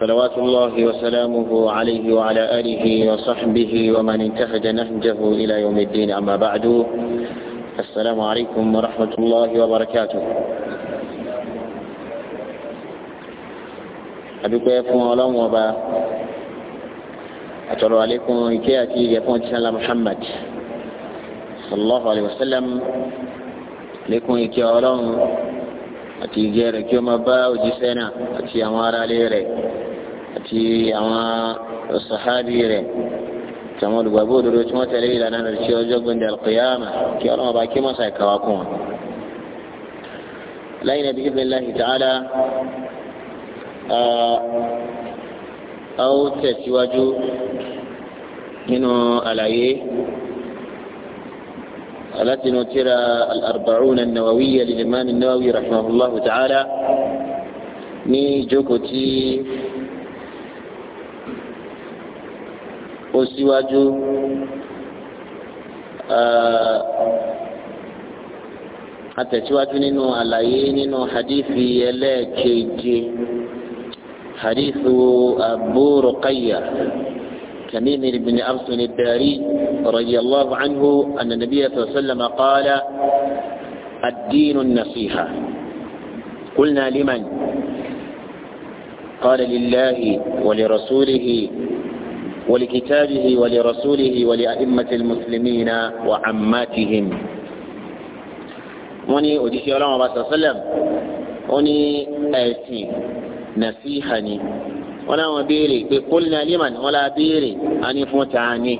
صلوات الله وسلامه عليه وعلى آله وصحبه ومن انتهج نهجه إلى يوم الدين أما بعد السلام عليكم ورحمة الله وبركاته أبيكم يفهم الله وبا أتروا عليكم إكياتي يفهم سلام محمد صلى الله عليه وسلم لكم إكيا الله أتي ìjẹ rẹ̀ kí ó أتي bá òjíṣẹ́ náà àti àwọn sàhábì rẹ̀ tàwọn olùgbàgbọ́ òdodo tí wọ́n tẹ̀lé ìlànà rẹ̀ tí ọjọ́ gbẹ̀ndẹ̀ alqiyama kí ọlọ́mọba kí ma sàì kàwá kún wọn. lẹ́yìn nàbí ibn lahi ta'ala a ó tẹ̀síwájú nínú àlàyé التي نترى الأربعون النووية للإمام النووي رحمه الله تعالى ني جوكوتي ó síwájú atẹ̀síwájú nínú àlàyé nínú hadithi ẹlẹ́ẹ̀keje hadithu Abu Ruqayya تميم بن أرس الداري رضي الله عنه أن النبي صلى الله عليه وسلم قال الدين النصيحة قلنا لمن قال لله ولرسوله ولكتابه ولرسوله ولأئمة المسلمين وعماتهم wọ́n ní òjíṣẹ́ ọlọ́run ọba sọ̀sọ́lẹ̀m ó ní ẹ̀sìn nàṣíhà ni wọ́n láwọn béèrè pé kólínà liman wọ́n láwọn béèrè á ní fún tààní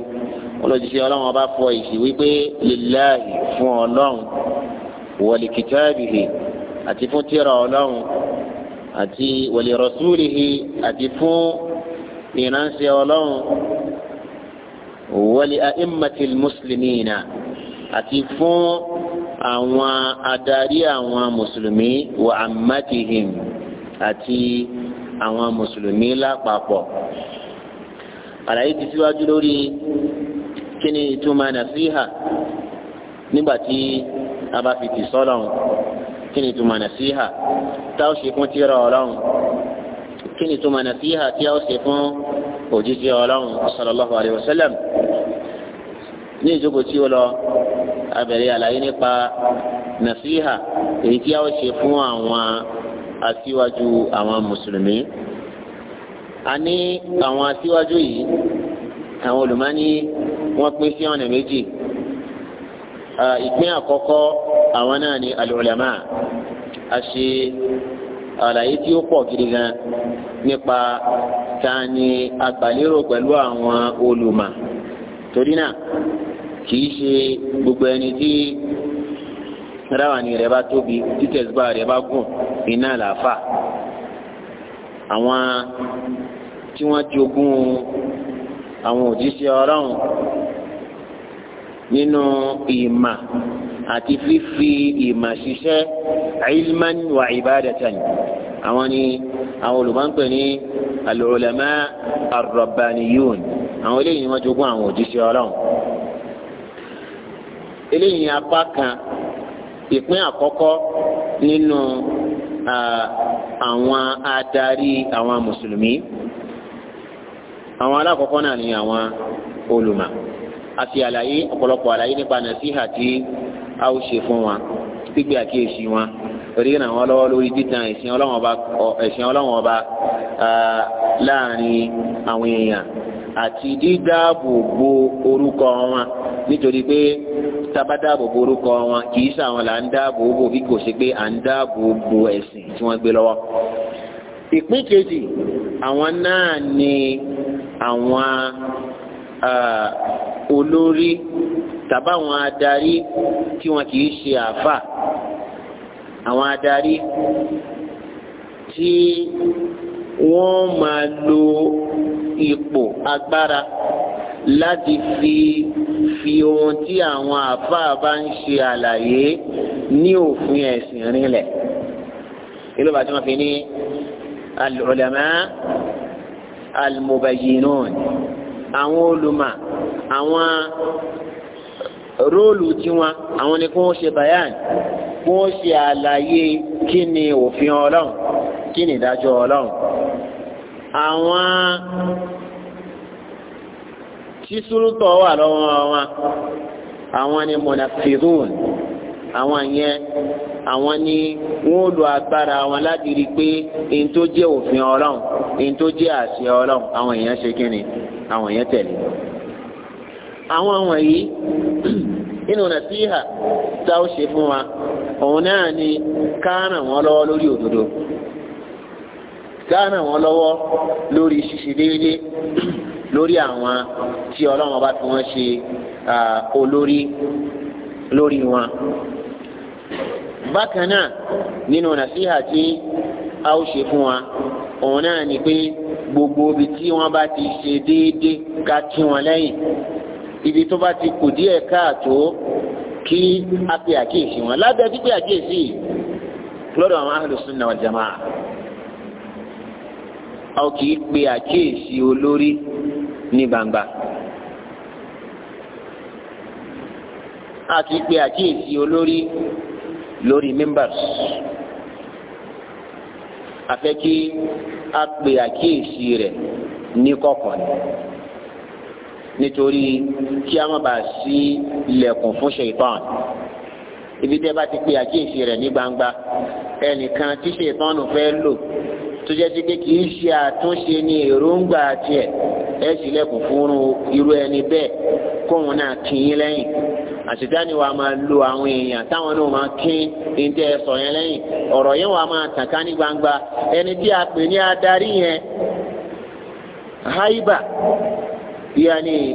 olójíṣẹ́ ọlọ́run ọba fọ èsì wípé lillahi fún ọlọ́run walikitaabihi àti fún tírà ọlọ́run àti walirasulihi àti fún ìránṣẹ́ ọlọ́run wọlé aimmatil muslimina àti fún àwọn adarí àwọn mùsùlùmí wa ammatihim àti àwọn mùsùlùmí lápapọ̀ àlàyé ti síwájú lórí kí ni ìtumọ̀ nàṣíhà nígbà tí a bá fi tì sọ́lọ́run kí ni ìtumọ̀ nàṣíhà táwọn ṣe kún tí ọlọ́run kí ni túmọ̀ nasiha tí a ó ṣe fún òjijì ọlọ́run sallallahu alayhi wa sallam ní ìjókòó tí ó lọ abẹ̀rẹ̀ àlàyé nípa nasiha èyí tí a ó ṣe fún àwọn aṣíwájú àwọn mùsùlùmí a ní àwọn aṣíwájú yìí àwọn olùmọ́ni wọ́n pín sí ọ̀nà méjì ìpín àkọ́kọ́ ni al a ṣe àlàyé tí ó pọ̀ gidi gan nípa ta ni agbàlérò pẹ̀lú àwọn olùmọ̀ torí náà kìí ṣe gbogbo ẹni tí ráwàní rẹ̀ bá tóbi títẹ̀síbá rẹ̀ bá gùn iná làáfà àwọn tí wọ́n ti ogún àwọn òjíṣẹ́ ọlọ́run nínú ìmà àti fífi ìmọ̀ ṣiṣẹ́ ilman wa ibadatan àwọn ni àwọn olùmọ̀ǹpẹ̀ ní al-ulama ar-rabbaniyun àwọn eléyìí ni wọ́n jogún àwọn òjíṣẹ́ ọlọ́run eléyìí ni apá kan ìpín àkọ́kọ́ nínú àwọn adarí àwọn mùsùlùmí àwọn alákọ̀ọ́kọ́ náà ni àwọn olùmọ̀ àti àlàyé ọ̀pọ̀lọpọ̀ àlàyé nípa nàṣíhà tí a ó ṣe fún wa gbígbé àkíyèsí wọn torí ràn wọ́n lọ́wọ́ lórí títan ẹ̀sìn Ọlọ́run ọba láàrin àwọn èèyàn àti dídáàbòbò orúkọ wọn nítorí pé tábàdáàbòbò orúkọ wọn kì í ṣàwọn là ń dáàbòbò bí kò ṣe pé à ń dáàbòbò ẹ̀sìn tí wọ́n gbé lọ́wọ́ ìpín kejì àwọn náà ni àwọn olórí tàbáwọn adarí tí wọn kì í ṣe àáfà àwọn adarí tí wọ́n máa lo ipò agbára láti fi fi ohun tí àwọn àáfàá bá ń ṣe àlàyé ní òfin ẹ̀sìn rinlẹ̀ ilé bàtí wọ́n fi ní al-ulama al-mubayyinun àwọn olùmọ̀ àwọn róòlù tiwọn àwọn ni kí wọ́n ṣe bayan kí wọ́n ṣe àlàyé kí ni òfin ọlọ́run kí ni ìdájọ́ ọlọ́run àwọn tí súrútọ̀ wà lọ́wọ́ wọn àwọn ni mọ̀nàfíìrún àwọn yẹn àwọn ni wọ́n lo agbára wọn láti rí i pé èyí tó jẹ́ òfin ọlọ́run èyí tó jẹ́ àṣẹ ọlọ́run àwọn èèyàn ṣe kí ni àwọn èèyàn tẹ̀lé àwọn wọ̀nyí inú nàṣíhà tá ó ṣe fún wa òun náà ni ká ràn wọ́n lọ́wọ́ lórí òdodo ká ràn wọ́n lọ́wọ́ lórí ṣíṣe déédé lórí àwọn tí ọlọ́run bá fi wọ́n ṣe olórí lórí wọn. bákan náà nínú nàṣíhà tí a ó ṣe fún wa òun náà ni pé gbogbo ibi tí wọ́n bá ti ṣe déédé ká kí wọn lẹ́yìn ibi tó bá ti kù díẹ̀ káàtó kí a pe àkíyèsí wọn lábẹ́ pípé àkíyèsí lọ́dọ̀ àwọn ahlu sunna wal jamaa a ò kì í pe àkíyèsí olórí ní gbangba a kì í pe àkíyèsí olórí lórí members a fẹ́ kí a pe àkíyèsí rẹ̀ ní kọ̀kọ̀ ni nítorí kí a má bàa sí ilẹ̀kùn fún ṣèitán ibi tẹ́ bá ti pe àkíyèsí rẹ̀ ní gbangba ẹnìkan tí ṣèitán fẹ́ lò tó jẹ́ sí pé kì í ṣe àtúnṣe ní èròǹgbà tiẹ̀ ẹ sì lẹ́kùn fún irú ẹni bẹ́ẹ̀ kóun náà kì lẹ́yìn àṣetáni wa máa lo àwọn èèyàn táwọn náà máa kín ní tẹ́ ẹ sọ yẹn lẹ́yìn ọ̀rọ̀ yẹn wà máa tàn ká ní gbangba ẹni tí a pè ní adarí yẹn haiba yàní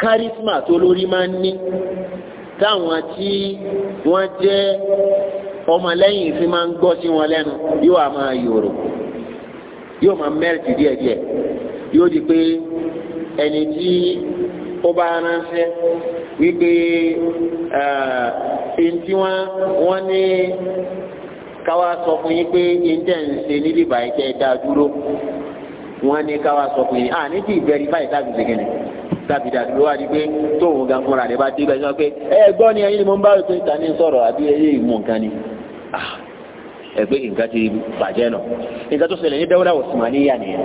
kárísímà tó lórí máa ń ní táwọn tí wọ́n jẹ́ ọmọlẹ́yìn fi máa ń gbọ́ sí wọn lẹ́nu yóò á máa yòrò yóò máa mẹ́rìtì díẹ̀díẹ̀ yóò di pé ẹni tí ó bá ránṣẹ́ wípé ẹni tí wọ́n ní káwá sọ fún yín pé ẹni tẹ̀ ń ṣe tẹ́ dá dúró wọn ní káwa sọ pé à ah, ní tí ìbẹ̀rì báyìí tàbí ṣègìnì tàbí dàdúró wa di pé tóun gan fúnra rẹ̀ bá dé sọ pé ẹ gbọ́ ni ẹyin ni mo ń bá rò pé ta ni sọ̀rọ̀ àbí ẹyẹ ìmọ̀ nǹkan ni ah, ẹ pé nǹkan ti bàjẹ́ nà nǹkan tó ṣẹlẹ̀ ní dáwúdà Usmaniya nìyẹn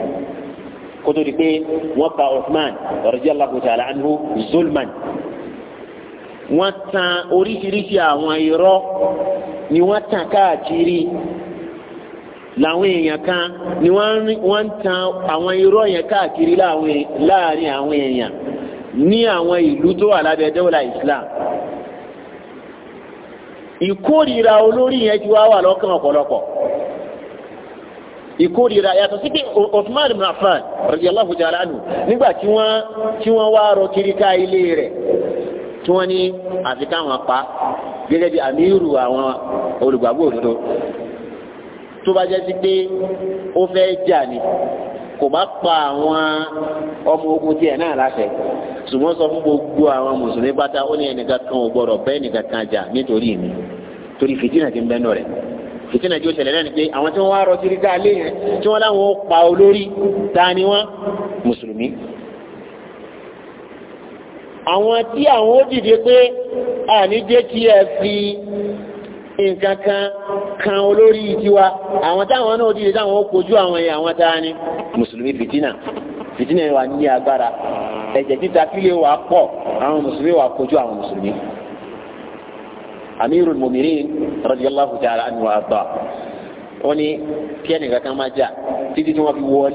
kó tó di pé wọ́n pa Usman radiyallahu ta'ala anhu zulman wọ́n tan oríṣiríṣi àwọn irọ́ ni wọ́n tan káàkiri làwọn èèyàn kan ni wọ́n ń tan àwọn irọ́ yẹn káàkiri láàrin àwọn èèyàn ní àwọn ìlú tó wà lábẹ́ dẹ́wọ́lá Islam ìkórìíra olórí yẹn ti wá wà lọ́kàn ọ̀pọ̀lọpọ̀ ìkórìíra yàtọ̀ sí pé Uthman ibn Affan radiyallahu ta'ala anhu nígbà tí wọ́n tí wọ́n wá rọ kiri ká ilé rẹ̀ tí wọ́n ní àfi káwọn pa gẹ́gẹ́ bí amíru àwọn olùgbàgbọ́ òdodo tó bá jẹ́ sí pé ó fẹ́ jà ní kò bá pa àwọn ọmọ ogun tiẹ̀ náà láṣẹ ṣùgbọ́n sọ fún gbogbo àwọn mùsùlùmí pátá ó ní ẹnìkan kan ò gbọdọ̀ bẹ́ẹ̀ nìkan kan jà nítorí mi torí fìtínà ti ń bẹ́ẹ̀ nọ rẹ̀ fìtínà tí ó ṣẹlẹ̀ náà ni pé àwọn tí wọ́n wá rọ sí ríta lé yẹn tí wọ́n láwọn ó pa olórí ta ni wọ́n mùsùlùmí. àwọn tí àwọn ó dìde pé àní kí ẹ fi nǹkan kan kan olórí tiwa àwọn táwọn náà dìde táwọn ó kojú àwọn ẹ̀yà àwọn tá a ní. mùsùlùmí fìtínà fìtínà wa ní agbára ẹ̀jẹ̀ títa kílé wa pọ̀ àwọn mùsùlùmí wa kojú àwọn mùsùlùmí. amirul mumirin radiyallahu ta'ala anhu wa abba wọ́n ní kí ẹnìkan kan máa jà títí tí wọ́n fi wọlé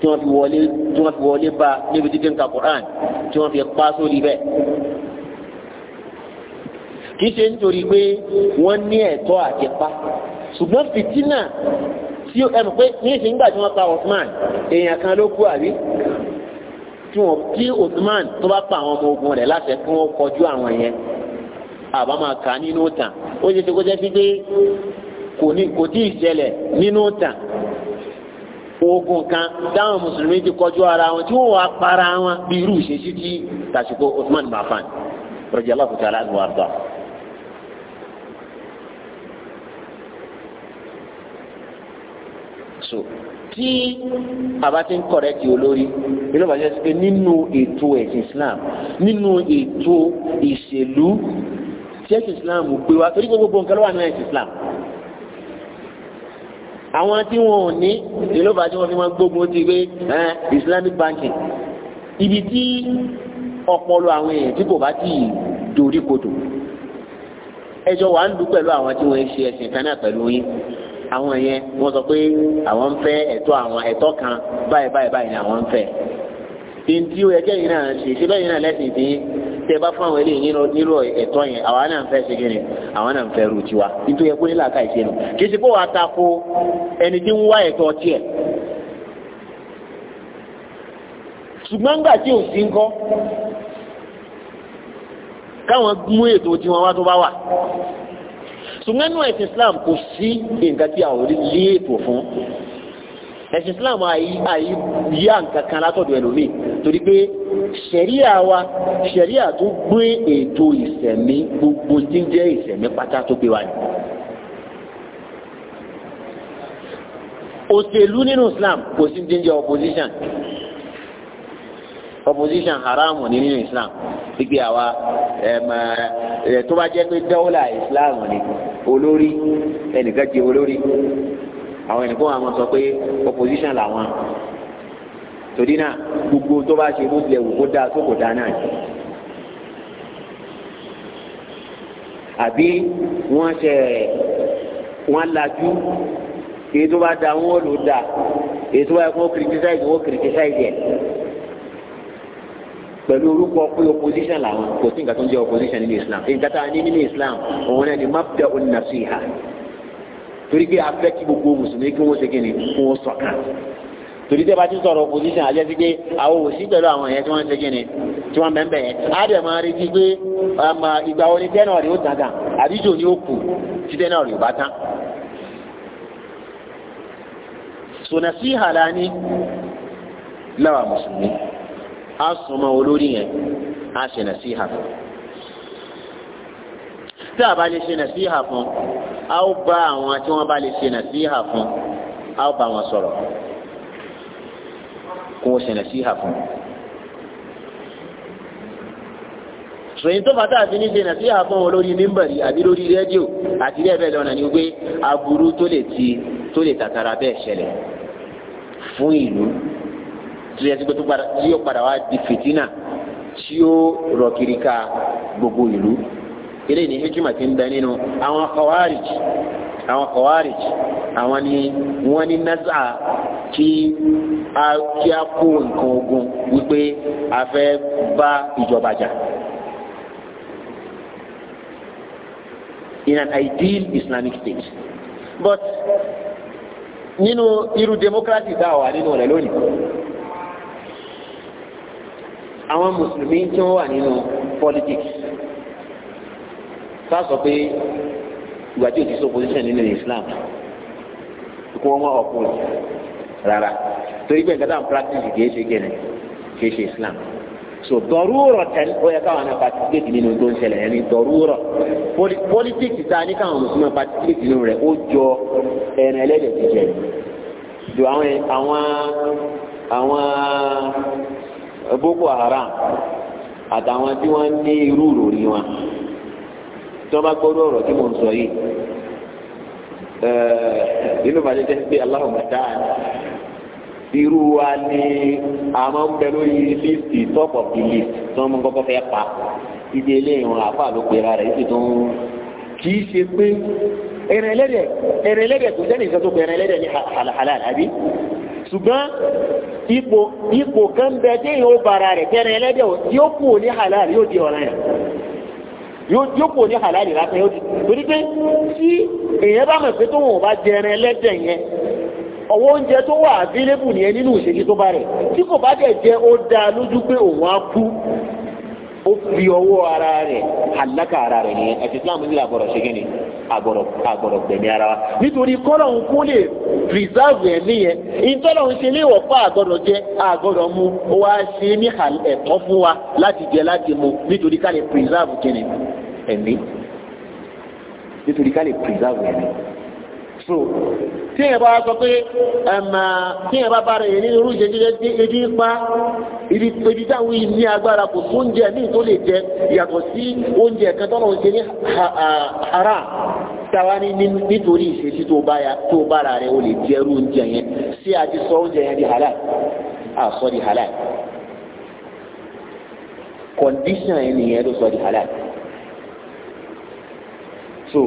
tí wọ́n fi wọlé tí wọ́n fi wọlé bá níbi títí nǹkan Qur'an tí wọ́n fi pa sórí bẹ́ẹ̀ kì í ṣe nítorí pé wọ́n ní ẹ̀tọ́ àti pa ṣùgbọ́n fìtínà tí ẹ mọ̀ pé ní ìsìn nígbà tí wọ́n pa Osman èèyàn kan ló kú àbí tí Osman tó bá pa àwọn ọmọ ogun rẹ̀ láṣẹ kí wọ́n kọjú àwọn yẹn àbá máa kà á nínú ìtàn ó ṣe ṣe kó jẹ́ sí pé kò tí ì ṣẹlẹ̀ nínú ìtàn ogun kan táwọn mùsùlùmí ti kọjú ara wọn tí wọn wàá para wọn bí irú ìṣesí tí tàṣìkò Osman Mafan rọjò aláfọ̀tà aláàbò àgbà. tí àbá ti ń kọ̀rẹ́tì olórí nínú ìbàjẹ́ sí pé nínú ètò ẹ̀sìn Islam nínú ètò ìṣèlú tí ẹ̀sìn Islam gbé wa torí gbogbo nǹkan ló wà nínú ẹ̀sìn Islam àwọn tí wọn ò ní nínú ìbàjẹ́ wọn fi máa gbógun ti pé Islamic banking ibi tí ọpọlọ àwọn èèyàn tí kò bá ti dorí kodò ẹjọ́ wà ń lù pẹ̀lú àwọn tí wọ́n ń ṣe ẹ̀sìn kan náà pẹ̀lú yín àwọn yẹn wọ́n sọ pé àwọn ń fẹ́ ẹ̀tọ́ àwọn ẹ̀tọ́ kan báyìí báyìí báyìí ni àwọn ń fẹ́ ẹni tí ó yẹ kẹ́yìn náà ṣe ṣe bẹ́yìn náà lẹ́sìn tí tẹ bá fún àwọn eléyìí nílò ẹ̀tọ́ yẹn àwọn náà ń fẹ́ ṣe kíni àwọn náà ń fẹ́ rú tiwa nítorí ẹ̀kọ́ nílà ká ìṣe nù kì í ṣe pé wàá tako ẹni tí ń wá ẹ̀tọ́ tiẹ̀ ṣùgbọ́n gbà tí ò sí ń kọ́ káwọn mú ètò tiwọn wá tó bá wà ṣùgbọ́n nínú ẹ̀sìn Islam kò sí nǹkan tí àwọn orí lé ètò fún ẹ̀sìn Islam àyíyá nǹkan kan látọ̀dọ̀ ẹlòmíì torí pé ṣẹ̀ríà wa ṣẹ̀ríà tó gbé ètò ìṣẹ̀mí gbogbo tí ń jẹ́ ìṣẹ̀mí pátá tó gbé wa ni. òṣèlú nínú Islam kò sí ti ń jẹ́ opposition proposition haramu ni nínú islam gbígbé àwa eh, tó bá jẹ́ pé dawla islam ni olórí ẹnìkan jẹ́ olórí àwọn ẹnìkan wà sọ pé opposition làwọn torí náà gbogbo tó bá ṣe bó tilẹ̀ wò kó dáa tó kò dáa náà ni. àbí wọ́n ṣe wọ́n lajú èyí tó bá da wọ́n lò dáa èyí tó bá yẹ kó criticize wọ́n criticize yẹ pẹ̀lú orúkọ pé opposition làwọn kò sí nǹkan tó ń jẹ́ opposition nínú islam nǹkan tá a ní nínú islam òun náà ni mabda onnasiha torí pé a fẹ́ kí gbogbo mùsùlùmí kí wọ́n ṣe kí ni kí wọ́n ṣọ̀kan torí tẹ́ bá ti sọ̀rọ̀ opposition àjẹ́ sí pé àwọn òsì pẹ̀lú àwọn ẹ̀yẹ tí wọ́n ń ṣe kíni tí wọ́n bẹ̀ ń bẹ̀ yẹn á dẹ̀ máa retí pé um, ìgbà wo ni tẹ́nà rí ó tàn kàn àdíjò ni ó kù tí tẹ́nà rí ó bá tán. sọ̀nà sí ìhàlá ní láwa mùsùlùmí á súnmọ́ olórí yẹn á ṣe nàṣíhà fún tí a bá lè ṣe nàṣíhà fún a ó bá àwọn tí wọ́n bá lè ṣe nàṣíhà fún a ó bá wọn sọ̀rọ̀ kó o ṣe nàṣíhà fún. sòyìn tó fata àti níṣe nà sí àfọ̀n olórí mímbàrí àbí lórí rédíò àti ilé ẹ̀bẹ̀ lọ́nà ni pé aburú tó lè ti tó lè tàtàrà bẹ́ẹ̀ ṣẹlẹ̀ fún ìlú tí yẹ sígbẹ́ tí yóò padà wá di fìtínà tí yóò rọ̀ kiri ka gbogbo ìlú eléyìí ni hikima ti ń bẹ nínú àwọn khawarij àwọn khawarij àwọn ni wọ́n ní nasa kí a kí a kó nǹkan ogun wípé a fẹ́ bá ìjọba jà. in an ideal Islamic state but nínú irú democracy tá a wà nínú rẹ̀ lónìí àwọn mùsùlùmí tí wọ́n wà nínú politics sá sọ pé ìgbà tí o ti sọ position nínú Islam kó wọ́n wọ́n oppose rárá torí pé nǹkan tá à ń practice kìí ṣe gẹ̀ẹ́nì kìí ṣe Islam so dọ̀rúrọ̀ tẹ̀lé ó yẹ káwọn náà participate nínú tó ń ṣẹlẹ̀ ẹni dọ̀rúrọ̀ politics tá a ní káwọn mùsùlùmí participate nínú rẹ̀ ó jọ ẹran ẹlẹ́dẹ̀ẹ́ ti jẹ ju àwọn àwọn àwọn boko haram àtàwọn tí wọ́n ní irú ìròrí wọn tí wọ́n bá gbọ́dọ̀ ọ̀rọ̀ tí mò ń sọ yìí nínú eh, ìbàdí tẹ́sí pé aláwọ̀ mẹ́ta irú wa ni a máa ń bẹ lórí líìsì top of the list tí wọ́n mú kọ́kọ́ fẹ́ pa ìdí eléyìí wọn àfa ló pera rẹ̀ ìdí tó ń kì í ṣe pé ẹ̀rẹ̀ ẹlẹ́dẹ̀ ẹ̀rẹ̀ ẹlẹ́dẹ̀ kò sẹ́ni ìṣẹ́ tó pẹ̀rẹ̀ ẹlẹ́dẹ̀ ní halal ṣùgbọ́n ipò ipò kan bẹ déyìn ó bara rẹ̀ tẹ́rin ẹlẹ́dẹ̀ yóò kú ní halal yóò di ọ̀ràn yẹn yóò kú ní halal lásán yóò di torí pé tí èèyàn bá mọ̀ pé tó wọn ò bá jẹrin ẹlẹ́dẹ̀ yẹn ọwọ́ oúnjẹ tó wà available nìyẹn nínú ìṣèjì tó bá rẹ̀ tí kò bá dẹ̀ jẹ́ ó dáa lójú pé òun á kú ó fi ọwọ́ ara rẹ̀ àlákà ara rẹ̀ nìyẹn ẹ̀sìn islam nílẹ̀ àgbọ̀rọ̀ ṣe kíni àgbọ̀rọ̀ gbẹ̀mí ara wa nítorí kọ́lọ̀hún kó lè preserve ẹ̀mí yẹn ìtọ́lọ̀hún ṣe léèwọ̀ fún àgbọ̀rọ̀ jẹ àgbọ̀rọ̀ mu ó wá ṣe ní ẹ̀tọ́ fún wa láti jẹ láti mu nítorí ká lè preserve kíni ẹ̀mí nítorí ká lè preserve ẹ̀mí so tí ẹ bá sọ pé ẹ̀mà tí ẹ bá bá rẹ̀ ní irú ìṣẹ́jẹ́ ebi ń pa ibi táwọn yìí ní agbára kò sí oúnjẹ míì tó lè jẹ yàtọ̀ sí oúnjẹ kan tọ́nà oúnjẹ ní haram táwa ní nítorí ìṣesí tó bá ra rẹ̀ o lè jẹ irú oúnjẹ yẹn sí àti sọ oúnjẹ yẹn di halal àsọ di halal condition yẹn nìyẹn ló sọ di halal so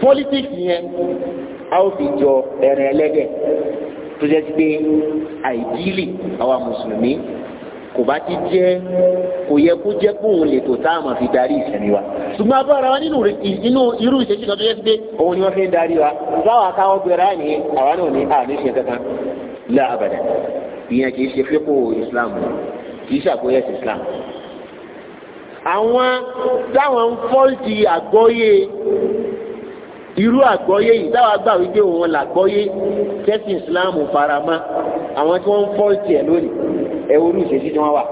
politics yẹn a ó fi jọ ẹran ẹlẹ́dẹ̀ tó jẹ́ sí pé àìdílì àwa mùsùlùmí kò bá ti jẹ́ kò yẹ kó jẹ́ kó òun lè tó tá a máa fi darí ìsẹ̀mí wa ṣùgbọ́n a bá ara wa nínú irú ìṣesí kan tó yẹ òun ni wọ́n fi ń darí wa láwọn akáwọn gbéra ní àwa náà ní àmì ìṣe kankan láàbàdà ìyẹn kì í ṣe fíkò Islam kì í ṣàgbóyè Islam. àwọn táwọn fọ́ọ̀tì àgbọ́yé irú àgbọ́yé yìí táwa gbà wípé òun làgbọ́yé tẹ́sí ìsìláàmù farama àwọn tí wọ́n ń fọ́ tiẹ̀ lónìí ẹ wo ní ìṣesí tí wọ́n wà.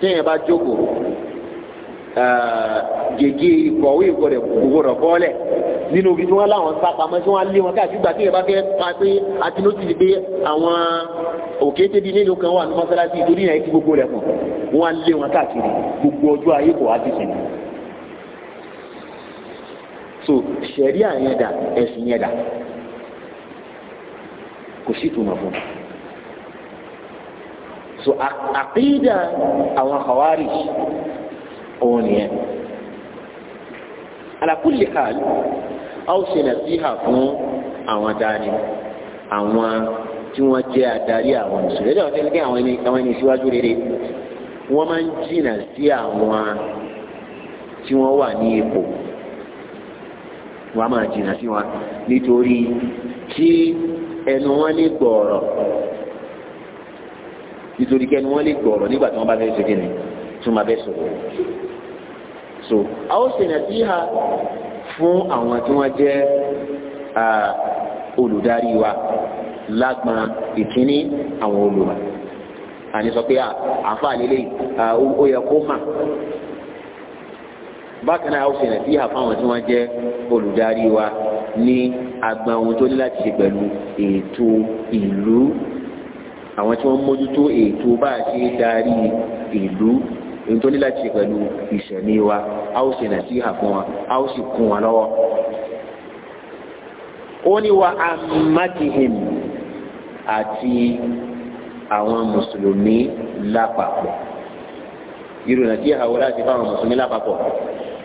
téèyàn bá jókòó Eh, gègé ìkọ̀wé ìkọ̀rẹ̀ gbogbo bọ́ọ̀lẹ̀ nínú ibi tí wọ́n láwọn sá pamọ́ tí wọ́n lé wọn káàkiri gbà tí ìyẹn bá fẹ́ pa pé àti ló ti di pé àwọn òkété bíi nílùú kan wà ní mọ́sálásí torí yẹn kí gbogbo rẹ̀ pọ̀ wọ́n lé wọn káàkiri gbogbo ọjọ́ ayé kò wá ti sìn. so sẹ̀ríà yẹn dà ẹ̀sìn yẹn dà kò sí ìtumọ̀ fún un so aqida àwọn khawarij òun nìyẹn alakuli hali a ó ṣe nàṣíhà fún àwọn dání àwọn tí wọ́n jẹ́ adarí àwọn mùsùlùmí ẹjọ́ ọ̀sẹ̀ ní àwọn ẹni àwọn ẹni síwájú rere wọ́n máa ń jìnnà sí àwọn tí wọ́n wà ní ipò wọ́n máa jìnnà sí wọn nítorí kí ẹnu wọn lè gbọ̀ọ̀rọ̀ nítorí kí ẹnu wọn lè gbọ̀ọ̀rọ̀ nígbà tí wọ́n bá fẹ́ẹ́ ṣe kí ni ìtumọ̀ bẹ́ẹ̀ sọ̀rọ̀ so a ó ṣèyàn sí ha fún àwọn tí wọ́n jẹ́ olùdarí wa lágbọn ìkíní àwọn olùmọ̀ àní sọ pé àfa àlélẹ́ ó yẹ kó mà bákan náà a ó ṣèyàn sí ha fáwọn tí wọ́n jẹ́ olùdarí wa ní agbọn ohun tó ní láti ṣe pẹ̀lú ètò ìlú àwọn tí wọ́n mójútó ètò bá a ṣe darí ìlú nítorí láti ṣe pẹ̀lú ìṣẹ̀mí wa a ó ṣe nàìjíríà fún wa a ó sì kún wa lọ́wọ́. ó ní wa amadihim àti àwọn mùsùlùmí lápapọ̀ irú nàìjíríà wo láti fún mùsùlùmí lápapọ̀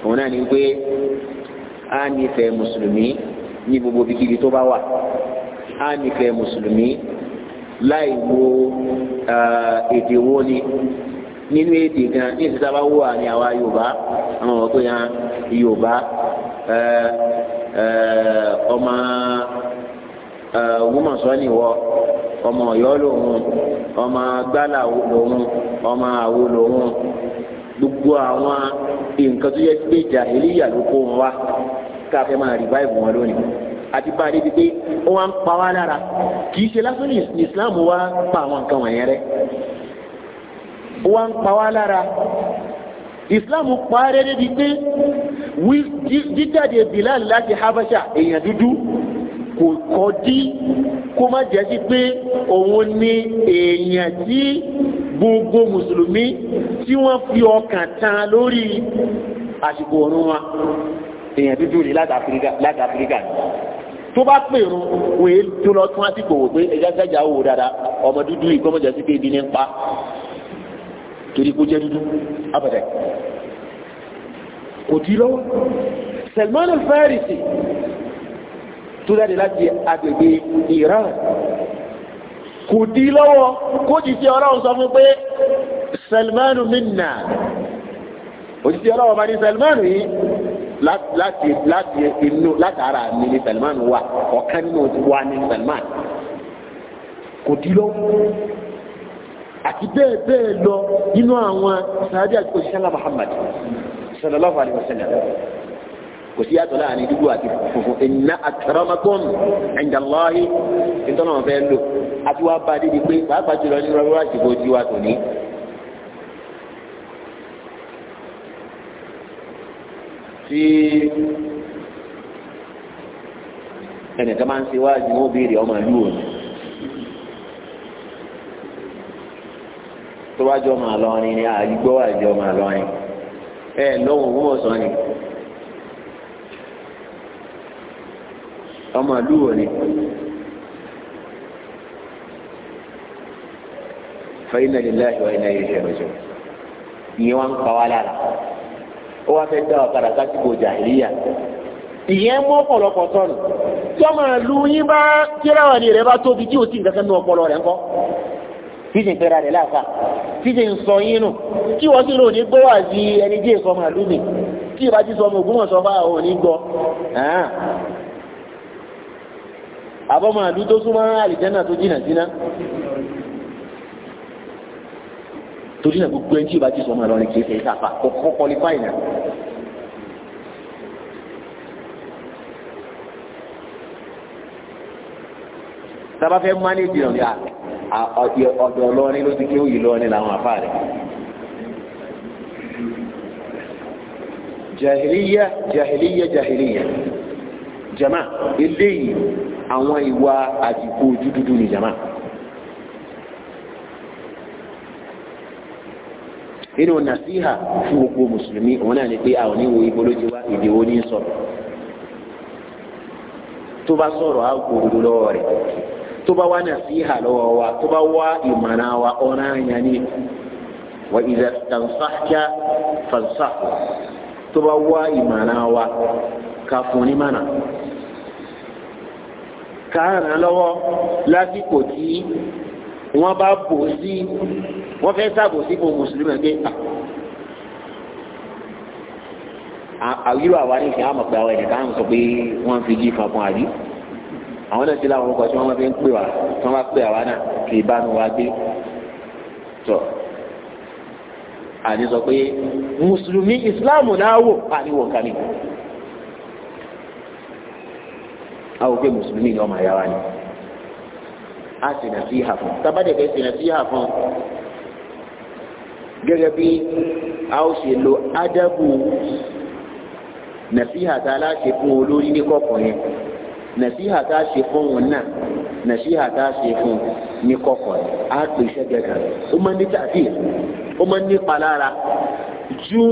òun náà ni pé a nífẹ̀ẹ́ mùsùlùmí ní gbogbo bíkíbi tó bá wà a nífẹ̀ẹ́ mùsùlùmí láì wo eh, èdè wo ni nínú èdè gan ní ìsísábà wò wá ní àwa yorùbá àwọn ọmọ tó yan yorùbá ọmọ wúmọ̀sọ́ nìwọ ọmọ ọ̀yọ́ lòun ọmọ gbálà lòun ọmọ àwo lòun gbogbo àwọn nǹkan tó yẹ pé jàhílíyà ló kó wọn wá káfẹ́ máa rìváìvù wọn lónìí àti bá a débi pé ó wá ń pa wá lára kì í ṣe lásán ní Islam wá pa àwọn nǹkan wọ̀nyẹn rẹ́ wọ́n ń pa wá lára islam pa á rẹ́rẹ́ di pé jíjáde bilal láti habasha èèyàn dúdú kò kọ́ dí kó má jẹ́ sí pé òun ni èèyàn tí gbogbo mùsùlùmí tí wọ́n fi ọkàn tán lórí àsìkò ọ̀run wa èèyàn dúdú ni láti áfíríkà tó bá pè rún wèé tó lọ tún àsìkò wò pé ẹjá sẹ́jà wò dáadáa ọmọ dúdú yìí kọ́mọ̀jẹ́sí pé ibi ní ń pa torí kó jẹ́ dúdú abẹ̀rẹ̀ kò dí lọ́wọ́ Salman al-Farisi tó jáde láti agbègbè Iran kò dí lọ́wọ́ kó jì sí ọlọ́run sọ fún pé Salmanu minna òjìsí ọlọ́run bá ní Salmanu yìí láti láti inú látara mi ni Salmanu wà ọ̀kan nínú wa ni Salman kò dí lọ́wọ́ àti bẹ́ẹ̀ bẹ́ẹ̀ lọ nínú àwọn sàájú àti òṣìṣẹ́ náà Muhammad sallallahu alayhi wa sallam kò sí yàtọ̀ láàrin dúdú àti funfun inna akramakum inda Allahi nítorí wọn fẹ́ lò àti wàá bá dídí pé pàápàá jùlọ nínú ọlọ́wọ́ àsìkò tiwa tòní. tí ẹnìkan máa ń ṣe wáàjú wọn béèrè ọmọ ìlú òní. tó bá jọ màá lọrin ni àyígbọ́ àjọ màá lọrin ẹ lọ́wọ́ òwúrọ̀ sọ ni ọmọ ìlú wo ni. fẹ́yìn náà lílẹ̀ ìwà iná yìí ṣe ọjọ́ ìyẹn wá ń pa wá lára ó wá fẹ́ dá ọ̀kadà sásìkò jàhìlíyà ìyẹn mú ọ̀pọ̀lọpọ̀ sọnù tí ọmọ ìlú yín bá kíláwà ni rẹ bá tóbi tí ò sí nǹkan kan ní ọpọlọ rẹ ńkọ́ tíjì ń pera rẹ̀ láàfà tíjì ń sọ yín nù kí wọ́n sì rò ní gbọ́ wà sí ẹni díẹ̀ sọ ọmọ àlùmí tí ìbá ti sọ ọmọ ògúnmọ̀ sọ fà ò ní gbọ́ àbọ̀mọ̀ àlù tó súnmọ́ àlìjẹ́nà tó jìnà síná torí náà gbogbo ẹni tí ìbá ti sọ ọmọ àlọ́rin kìí ṣe é sàfà kọ́kọ́ kọlifáì náà sábà fẹ́ mánéjì rẹ̀ ọ̀dọ̀ ọlọ́rin ló ti kí ó yìí lọ́rin làwọn àfa rẹ̀. jahiliya jahiliya jahiliya jama eléyìí awọn iwa àdìpọ̀ ojú dúdú ni jama. nínú Nasiha, fún gbogbo mùsùlùmí òun náà ni pé àwọn oníwo ibo ló èdè bá tó bá wá nàṣíhà lọ́wọ́ wa tó bá wá ìmọ̀nà wa ọ̀nà àyàn ni wa idha istansahta fansah tó bá wá ìmọ̀nà wa ká fún ní mọ̀nà ká ràn lọ́wọ́ lásìkò tí wọ́n bá bò sí wọ́n fẹ́ sábò sí fún mùsùlùmí ẹgbẹ́ ta àwírò àwa ní ìsìn àmọ̀ pé àwọn ẹ̀dẹ̀ ń sọ pé wọ́n fi jí fapọ̀ àbí àwọn náà ti láwọn orúkọ tí wọ́n fi ń pè wá tí wọ́n bá pè àwa náà kì í bánu wa gbé tọ́ àti sọ pé mùsùlùmí ìsìláàmù náà wò àríwọ̀ kàní àwọn pé mùsùlùmí ni ọmọ àyàwá ni a sì nà sí ìhà fún tábàdẹ̀kẹ́ sì nà sí ìhà fún gẹ́gẹ́ bí a ó ṣe lo ádàbù nàfíhà tá a láṣẹ fún olórí ní kọ̀ọ̀kan yẹn nàṣíhà tá a ṣe fún wọn náà nàṣíhà tá a ṣe fún ní kọ̀kọ̀ á pè sẹ́gbẹ̀ kan ó máa ní tàbí ó máa ní palára ju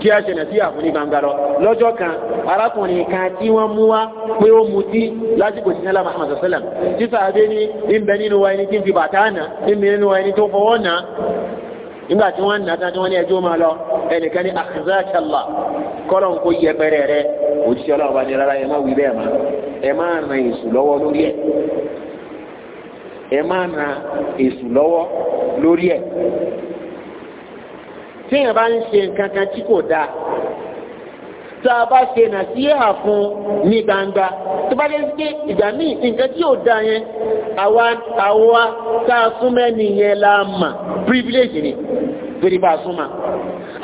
kí a ṣe nàṣíhà fún ní gbangba lọ lọ́jọ́ kan arákùnrin kan tí wọ́n mú wá pé ó mutí lásìkò sí nílá Muhammad sallam tí sàbẹ ní ìbẹ nínú wa ẹni tí ń fi bàtà nà ìbẹ nínú wa ẹni tó fọwọ́ nà nígbà tí wọ́n nà tí wọ́n ní ẹjọ́ máa lọ ẹnìkan ní akhzakallah kọ́lọ̀ ń yẹpẹrẹ rẹ òjíṣẹ́ ọlọ́run bá ní rárá yẹn má wí bẹ́ẹ̀ máa ẹ máa na èṣù lọ́wọ́ lórí ẹ̀ ẹ máa na èṣù lọ́wọ́ lórí ẹ̀ téèyàn bá ń ṣe nǹkan kan tí kò dáa tá a bá ṣe nà sí ẹ̀hà fún ní gbangba tó bá dé sí pé ìgbà míì nǹkan tí ò dáa yẹn àwa àwa tá a súnmọ́ ẹni yẹn la mà privilege ni torí bá a súnmọ́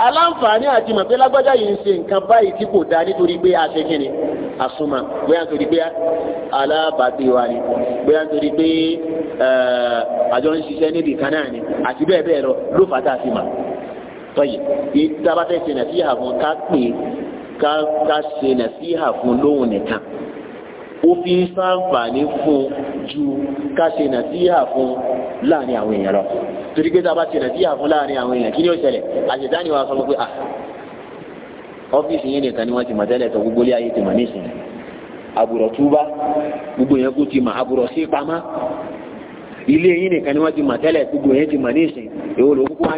aláǹfààní àti mọ̀ pé lágbájá yìí ń ṣe nǹkan báyìí tí kò dáa nítorí pé a ṣe kí ni a súnmọ́ bóyá nítorí pé alábàágbé wa ni bóyá nítorí pé eh, àjọ ń ṣiṣẹ́ níbi kan náà ni àti bẹ́ẹ̀ bẹ́ẹ̀ lọ ló fà á tá a fi mọ̀ tọ́yì ìtabatẹ́sẹ̀ nàìjíríà fún ká pè ká ṣe nàìjíríà fún lóhùn nìkan. ó fi ń fụ fún ju káṣe nàtíyà fún láàrin àwọn èèyàn lọ torí pé tá a bá ṣe nàtíyà fún láàrin àwọn èèyàn kí ni ó ṣẹlẹ̀ àṣetáni wa sọ pé ah ọ́fíìsì yẹn nìkan ni wọ́n ti mọ̀ tẹ́lẹ̀ gbogbo ilé ayé ti mọ̀ nísìnyí àbùrọ̀ túbá gbogbo yẹn kú ti mọ̀ àbùrọ̀ sí pamọ́ ilé yín ni wọ́n ti mọ̀ tẹ́lẹ̀ gbogbo yẹn ti mọ̀ nísìnyí èwo ló wá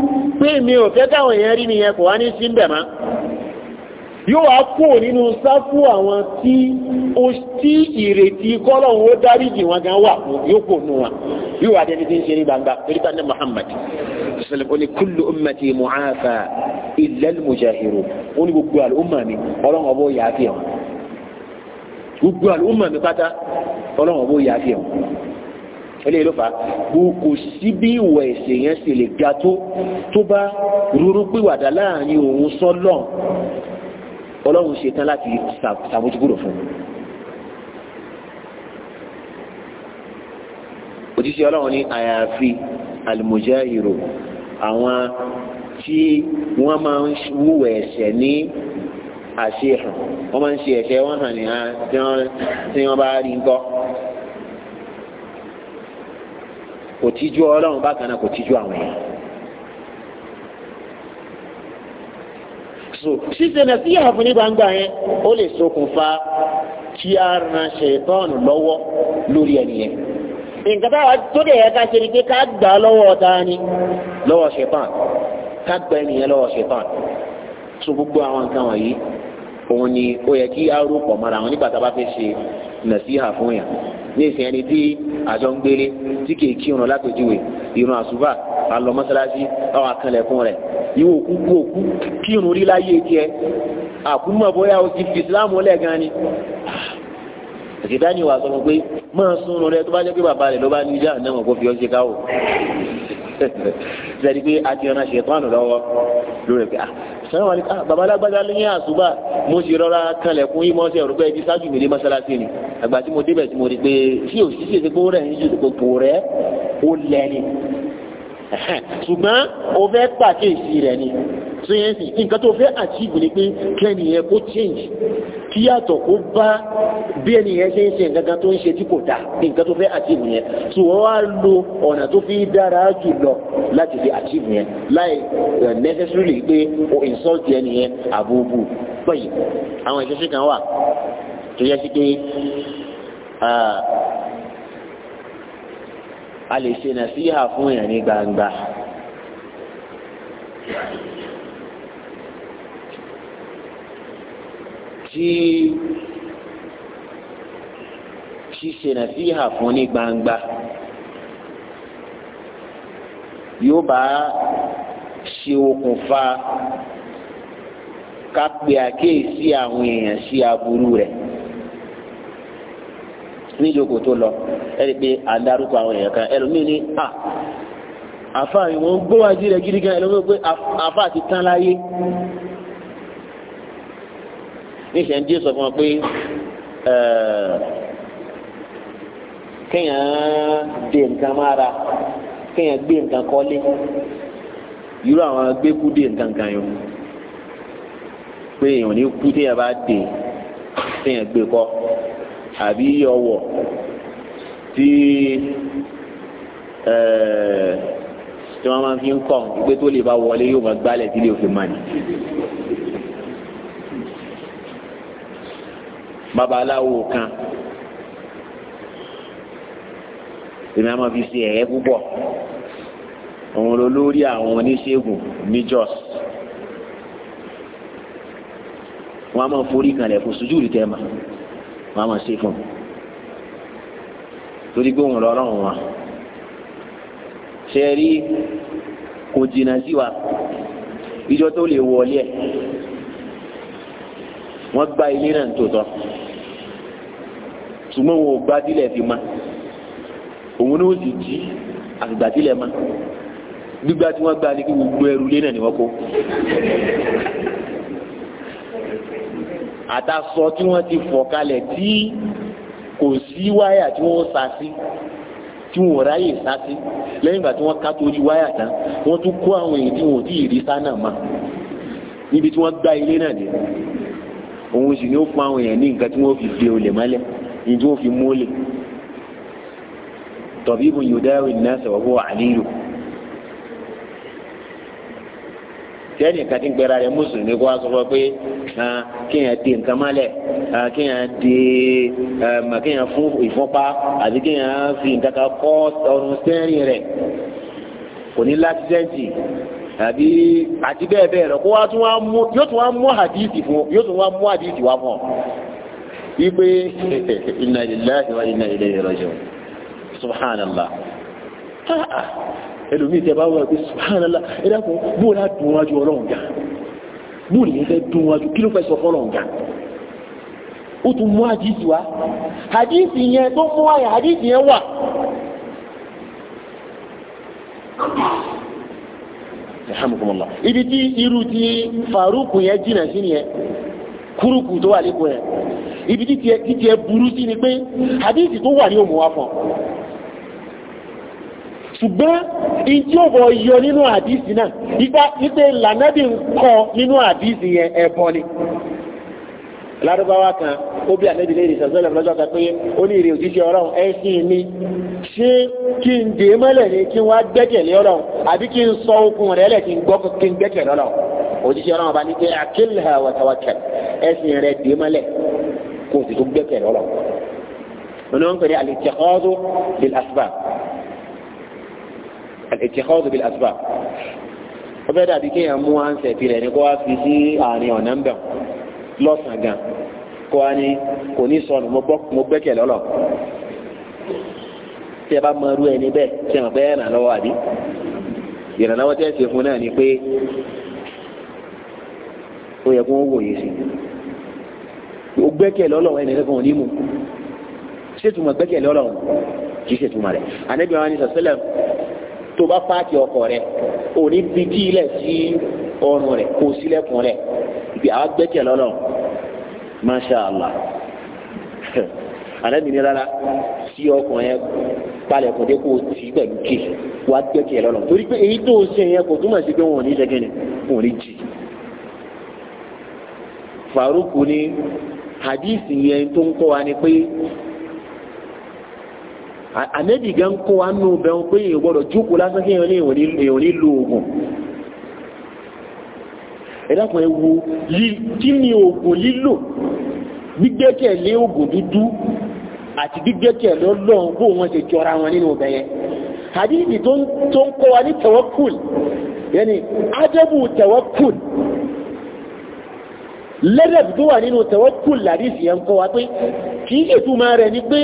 ń pé mi ò fẹ́ káwọn èèyàn rí nìyẹn kò wá ní sí bẹ̀ má yóò wá kó nínú sáfù àwọn tí ó tí ìrètí kọ́lọ̀hún ó dáríjì wọn gan wà yóò kó nù wọn yóò wá dẹni tí ń ṣe ní gbangba erékà Muhammad sallam ó ní kullu ummati mu'afa illa al-mujahirun ó ní gbogbo àlùmọ̀ mi ọlọ́run ọbọ̀ yà á fi hàn gbogbo àlùmọ̀ mi pátá ọlọ́run yà á fi hàn eléyìí ló fà á kò sí bí ìwà ẹ̀ṣẹ̀ yẹn ṣe lè ga tó tó bá rúrú pìwàdà láàrin òun sọ́lọ́n ọlọ́run ṣe tán láti ṣàmójúkúrò fún un. òjíṣẹ́ ọlọ́run ní àyàfi almujahiru àwọn tí wọ́n máa ń wúwẹ̀ ẹ̀ṣẹ̀ ní àṣehàn wọ́n máa ń ṣe ẹ̀ṣẹ̀ wọ́n hàn ní tí wọ́n bá rí nǹkan kò tíjú ọlọ́run bákan náà kò tíjú àwọn èèyàn. so ṣíṣe náà sí ààfin ní gbangba yẹn ó lè ṣokùnfà kí a ran ṣètọ́ọ̀nù lọ́wọ́ lórí ẹni yẹn nǹkan táwa tó dẹ̀ yẹ ká ṣe ni pé ká gbà á lọ́wọ́ ọ̀tá ni lọ́wọ́ ṣètọ́ọ̀nù ká gba ẹnìyẹn lọ́wọ́ ṣètọ́ọ̀nù so gbogbo àwọn nǹkan wọ̀nyí òun ni ó yẹ kí a rò pọ̀ mọ́ra àwọn nígbà tá a bá fẹ́ ṣe nàṣíhà ní ìsìn ẹni tí àjọ ń gbélé tí kì í kírun lápèjúwe ìrun àsùbà alọ mọ́sálásí àwọn akànlẹ̀kùn rẹ̀ ìwò òkú kú òkú kírun rí láyé tiẹ̀ àkúmọ̀ bóyá o ti fi ìsìláàmù lẹ̀ gan ni ìsìdáni wà sọ fún pé máa sunrun rẹ tó bá jẹ́ pé bàbá rẹ ló bá ní ìjà náà kó fi ọ ṣe ká o sẹ́ni pé a ti ọ̀nà ṣètọ́nù lọ́wọ́ lórí ah, àṣàrà wà ah, ní ká babalágbádá lẹ́yìn àṣùbà mo sì rọra kanlẹ̀kùn yìí mọ́sẹ̀ ọ̀rọ̀ pé ibi ṣáájú mi lé mọ́sálásí ni àgbà tí mo débẹ̀ tí mo rí pé sí òṣìṣẹ́ ṣe ti gbówó ju gbogbo rẹ̀ ó lẹ́ni ṣùgbọ́n o fẹ́ pàkíyèsí rẹ̀ ni so yẹn sì nǹkan tó fẹ́ achieve ni pé kẹ́ni yẹn kó change kí yàtọ̀ kó bá bí ẹni yẹn ṣe ń ṣe nǹkan tó ń ṣe tí kò dá nǹkan tó fẹ́ achieve yẹn so wọ́n wá lo ọ̀nà tó fi dára jù lọ láti fi achieve yẹn láì uh, necessarily pé o insult ẹni yẹn àbúrú bẹ́ẹ̀ àwọn ìṣẹ́ṣẹ́ kan wà tó yẹ sí pé uh, a lè ṣe nàṣíhà fún èèyàn gbangba. tí ṣíṣe nàṣíhà fún ní gbangba yóò bá ṣe okùnfà ká pe àkéèsí àwọn èèyàn sí aburú rẹ̀ níjókòó tó lọ ẹni pé à ń darúkọ àwọn èèyàn kan ẹlòmíín ní à àfáà yìí wọ́n gbówájú rẹ̀ gidi gan ẹlòmíín pé àfáà ti tán láyé níṣẹ́ ń díẹ̀ sọ fún wọn pé kéèyàn dé nǹkan mára kéèyàn gbé nǹkan kọ́lé irú àwọn gbẹ́kú dé nǹkan kan yìí pé èèyàn ní kú téèyàn bá dé téèyàn gbé kọ́ àbí ọwọ́ tí tí wọ́n máa fi ń kọ́ ìgbé tó lè bá wọlé yóò máa gbálẹ̀ tí lè fi máa nì. babaláwo kan èmi àmọ́ fi ṣe ẹ̀yẹ púpọ̀ òun ló lórí àwọn oníṣègùn ní Jos wọn a máa forí kanlẹ̀ kó sojú rí tẹ́ ma wọn a máa ṣe fún un torí pé òun lọ́rọ̀ wọn ṣe rí kò jìnnà sí wa ìjọ tó lè wọlé ẹ̀ wọ́n gba ilé náà tó tọ́ ṣùgbọ́n wọn ò gbadilẹ̀ fi ma òun ni ó sì jí àgbàdilẹ̀ ma gbígbà tí wọ́n gba ni kí gbogbo ẹrù lé náà ni wọ́n kó àtàsọ tí wọ́n ti fọ̀ kalẹ̀ tí kò sí wáyà tí wọ́n sá sí tí wọ́n ráyè sá sí lẹ́yìn ìgbà tí wọ́n ká torí wáyà tán wọ́n tún kó àwọn èyí tí wọ́n ò tí ì rí sá náà ma níbi tí wọ́n gbá ilé náà dé òun sì ni ó fún àwọn èèyàn ní nǹkan tí wọ́n fi fi olè mọ́lẹ̀ ní tí wọ́n fi mólè tọ̀bíbù yudawi an-nas wa huwa aliyu tẹ́ẹ̀nì kan ti ń gbẹ́ra rẹ̀ mùsùlùmí kó wá sọ fún ọ pé ah, kéèyàn di nǹkan mọ́lẹ̀ ah, kéèyàn di ehm, kéèyàn fún ìfúnpá àti kéèyàn fi nǹkan kan kọ́ ọrùn sẹ́rìn rẹ̀ kò ní lásìsẹ́ǹtì àbí àti bẹ́ẹ̀ bẹ́ẹ̀ lọ kó wá tún wá mú yóò tún wá mú àdìsí fún yóò tún wá mú àdìsí wá fún ọ wípé inna lillahi wa inna ilayhi raji'un subhanallah ẹlòmí tẹ bá wọ́n pé subhanallah ẹ̀dàkùn bóòlá dùn wájú ọlọ́run gan bóòlù yẹn fẹ́ dùn wájú kí ló fẹ́ sọ fọ́lọ́run gan ó tún mú àdìsí wá àdìsí yẹn tó mú àyà àdìsí yẹn wà ibi tí irú ti faruku yẹn jìnà sí nìyẹn kúrúkù tó wà lẹ́kọ̀ọ́ yẹn ibi títí ẹ burú sí ni pé àdéhìsì tó wà ní òmù wa fún ṣùgbọ́n in tí ó bọ̀ yọ nínú àdíìsì náà ipa ipe lànàbì ń kọ nínú àdíìsì yẹn ẹ̀bọ ni lárúbáwá kan ó bí àlejò lè sọ̀sọ́ ni kí n wá gbẹ́kẹ̀lé ọlọ́run àbí kí n sọ okùn rẹ̀ òjijì ọlọ́run ọba ní pé akilha wa tawakkal ẹ̀sìn rẹ̀ dé mọ́lẹ̀ kó o sì tún gbẹ́kẹ̀lé ọlọ́run lónìí wọn ń pè ní al-ittikhadu bil asbab al-ittikhadu bil asbab ó fẹ́ dàbí kéèyàn mú ànsẹ̀ tirẹ̀ ní kó wá fi sí àárín ọ̀nà ń bẹ̀ lọ́sàn-án gan kó wá ní kò ní sọnù mo gbẹ́kẹ̀lé ọlọ́run tí ẹ bá mọ irú ẹni bẹ́ẹ̀ tí wọn àbí ìrànlọ́wọ́ tẹ́ ó yẹ kó wòye sí o gbẹ́kẹ̀lé Ọlọ́run ẹni kankan ò ní mú ṣètùmọ̀ gbẹ́kẹ̀lé Ọlọ́run kì í ṣètùmọ̀ rẹ̀ ànábì wa ni sọ̀sẹ́lẹ̀ tó bá páàkì ọkọ̀ rẹ̀ ò ní fi kí ilẹ̀ sí ọrùn rẹ̀ kó sílẹ̀kùn rẹ̀ ibi àwọn gbẹ́kẹ̀lé Ọlọ́run masha allah ànábì ni rárá sí ọkọ̀ yẹn palẹ̀ kò dé kó o tì í pẹ̀lú kì wá gbẹ́kẹ̀lé Ọlọ́run torí pé èyí tó o ṣe yẹn kò túmọ̀ sí Faruku ní hadisi yẹn tó ń kọ́ wa ni pé anabi gan kọ́ wa nù bẹ́ẹ̀ pé èèyàn gbọ́dọ̀ jókòó lásán kí èèyàn ní lo oògùn ẹ̀dàkùn ẹ wo kí ni oògùn lílò gbígbẹ́kẹ̀lé oògùn dúdú àti gbígbẹ́kẹ̀lé ọlọ́run bó wọn ṣe jọra wọn nínú ọbẹ̀ yẹn hadithi tó ń kọ́ wa ní tawakkul yẹni adẹ́bù tawakkul lẹ́dẹ̀bù tó wà nínú tawakkul làdísì yẹn kọ́ wa pé kì í ṣètúmọ̀ rẹ̀ ni pé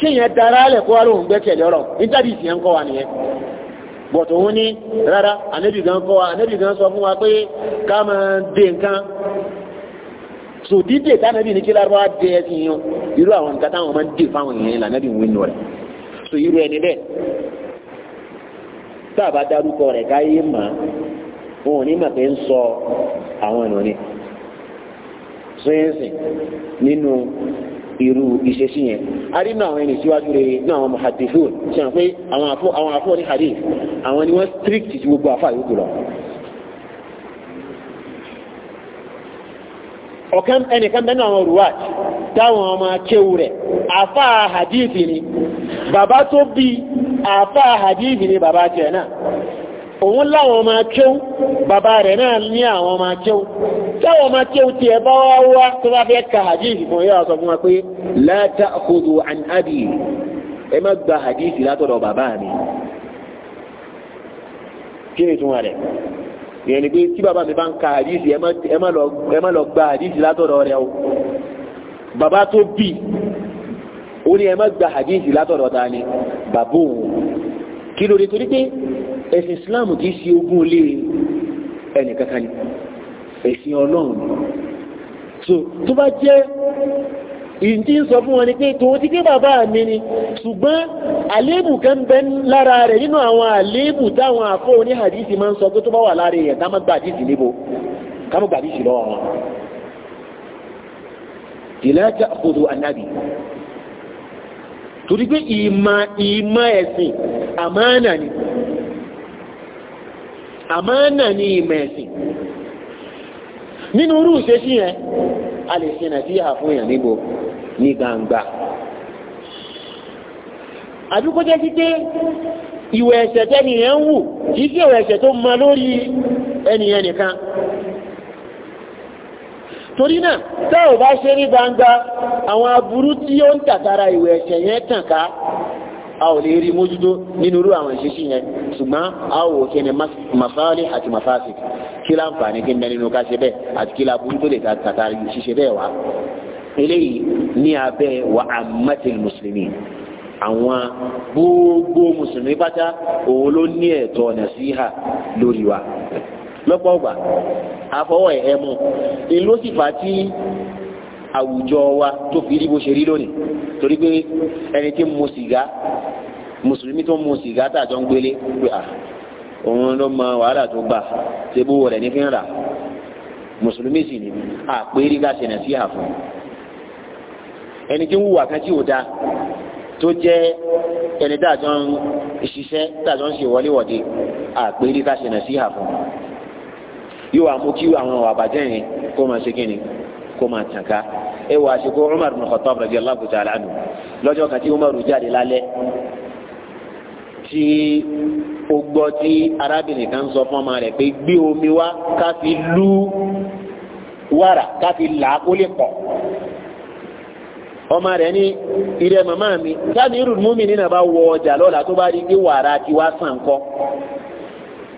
kíyàn dára lẹ̀ kó wá lóhùn gbẹ́kẹ̀lé ọ̀rọ̀ nítàdísì yẹn kọ́ wa nìyẹn bọ̀tọ̀ wọn ní rárá anẹ́bì gan kọ́ wa anẹ́bì gan sọ fún wa pé ká máa dé nǹkan so dídè tánàbì ní kí lárúbá dé ẹsìn yẹn irú àwọn nǹkan táwọn máa ń dè fáwọn èèyàn lànàbì wí nù so irú ẹni bẹ́ẹ̀ tá a bá dárúkọ rẹ̀ káyé mà òun ní mà sínsìn nínú irú ìṣesí yẹn a rí nínú àwọn ẹni síwájú rere nínú àwọn muhadithun ṣe hàn pé àwọn àfọ àwọn àfọ ní hadith àwọn ni wọ́n strict ti gbogbo àfọ àyókù lọ. ọ̀kan ẹnìkan bẹ́ẹ̀ náà wọn ruwat táwọn ọmọ akéwu rẹ̀ àfá hadithi ni bàbá tó bí àfá hadithi ni bàbá tiẹ̀ náà òun láwọn ọmọ baba bàbá rẹ̀ náà ní àwọn ọmọ ọmọ ti ẹ̀bá wá wá tó bá fẹ́ ka hadith fún yóò sọ fún wa pé la ta'khudhu ẹ má gba hadith látọ̀dọ̀ bàbá mi kí ni ìtumọ̀ rẹ̀ ìyẹn ni pé tí bàbá mi bá ń ka hadith ẹ má lọ gba hadith látọ̀dọ̀ rẹ̀ o bàbá tó bì ó ní ẹ má gba hadith látọ̀dọ̀ ta ni bàbá òun kí torí ẹ̀sìn islam kìí ṣe ogún ilé ẹnìkankan ni ẹ̀sìn ọlọ́run so tó bá jẹ́ ìdí ń sọ fún wọn ni pé baba ti gbé bàbá mi ni ṣùgbọ́n àléébù kan bẹ lára rẹ̀ nínú àwọn àléébù táwọn oní hadisi máa ń sọ tó bá wà lára gba níbo ká má gba hadisi wọn ìlà ta'khudhu ànábì torí pé ìmọ̀ ni A ní ìmọ̀ ẹ̀sìn nínú irú ìṣesí yẹn a lè ṣe nàìjíríà fún èèyàn níbo ní gbangba àdúgbò jẹ́ sí pé ìwẹ̀ ẹ̀ṣẹ̀ tẹ́nìyàn ń wù kìí sí ìwẹ̀ tó ma lórí ẹnìyàn nìkan torí náà tá ò bá ṣe ní gbangba àwọn aburú tí ó ń tàtàrà ìwẹ̀ ẹ̀ṣẹ̀ yẹn tàn ká a ò lè rí mójútó nínú irú àwọn ìṣesí yẹn ṣùgbọ́n a ò wò ni masáálì àti masáàsì kí láǹfààní kí n bẹ nínú ká ṣe bẹ́ẹ̀ àti kí láburú tó lè tàtà ṣiṣẹ́ bẹ́ẹ̀ wá eléyìí ní abẹ́ wa amatil mùsùlùmí àwọn gbogbo mùsùlùmí pátá òun ló ní ẹ̀tọ́ nàṣíhà lórí wa lọ́pọ̀ ọgbà afọwọ́ ẹ̀ ẹ̀ mú ìlú sì fà á tí àwùjọ wa tó fi rí bó ṣe rí lónìí torí pé ẹni tí ń mu sìgá mùsùlùmí tó ń mu sìgá tàjọ ń gbélé pé à ah, òun ló mọ wàhálà tó gbà ṣe bó rẹ̀ ní fi ń rà mùsùlùmí sì ni àpérí ká ṣe nà sí àfọ ẹni tí ń wù wákàtí ò dáa tó jẹ́ ẹni dájọ́ ń ṣiṣẹ́ dájọ́ ń ṣe àpérí ká ṣe sí àfọ yóò wá mú kí àwọn àbàjẹ́ yẹn kó máa ṣe kí ni kó máa tàn ká ẹ wọ àsìkò Umar bin Khattab radiyallahu ta'ala anhu lọ́jọ́ kan tí Umar jáde lálẹ́ tí ó gbọ́ tí arábìnrin kan sọ fún ọmọ rẹ̀ pé gbé omi wá ká fi lú wàrà ká fi là á kó lè ọmọ rẹ̀ ní ìrẹ màmá mi sáà ní irú mú mi nínú bá wọ ọjà lọ́la tó bá rí pé wàrà tiwa sàn kọ́.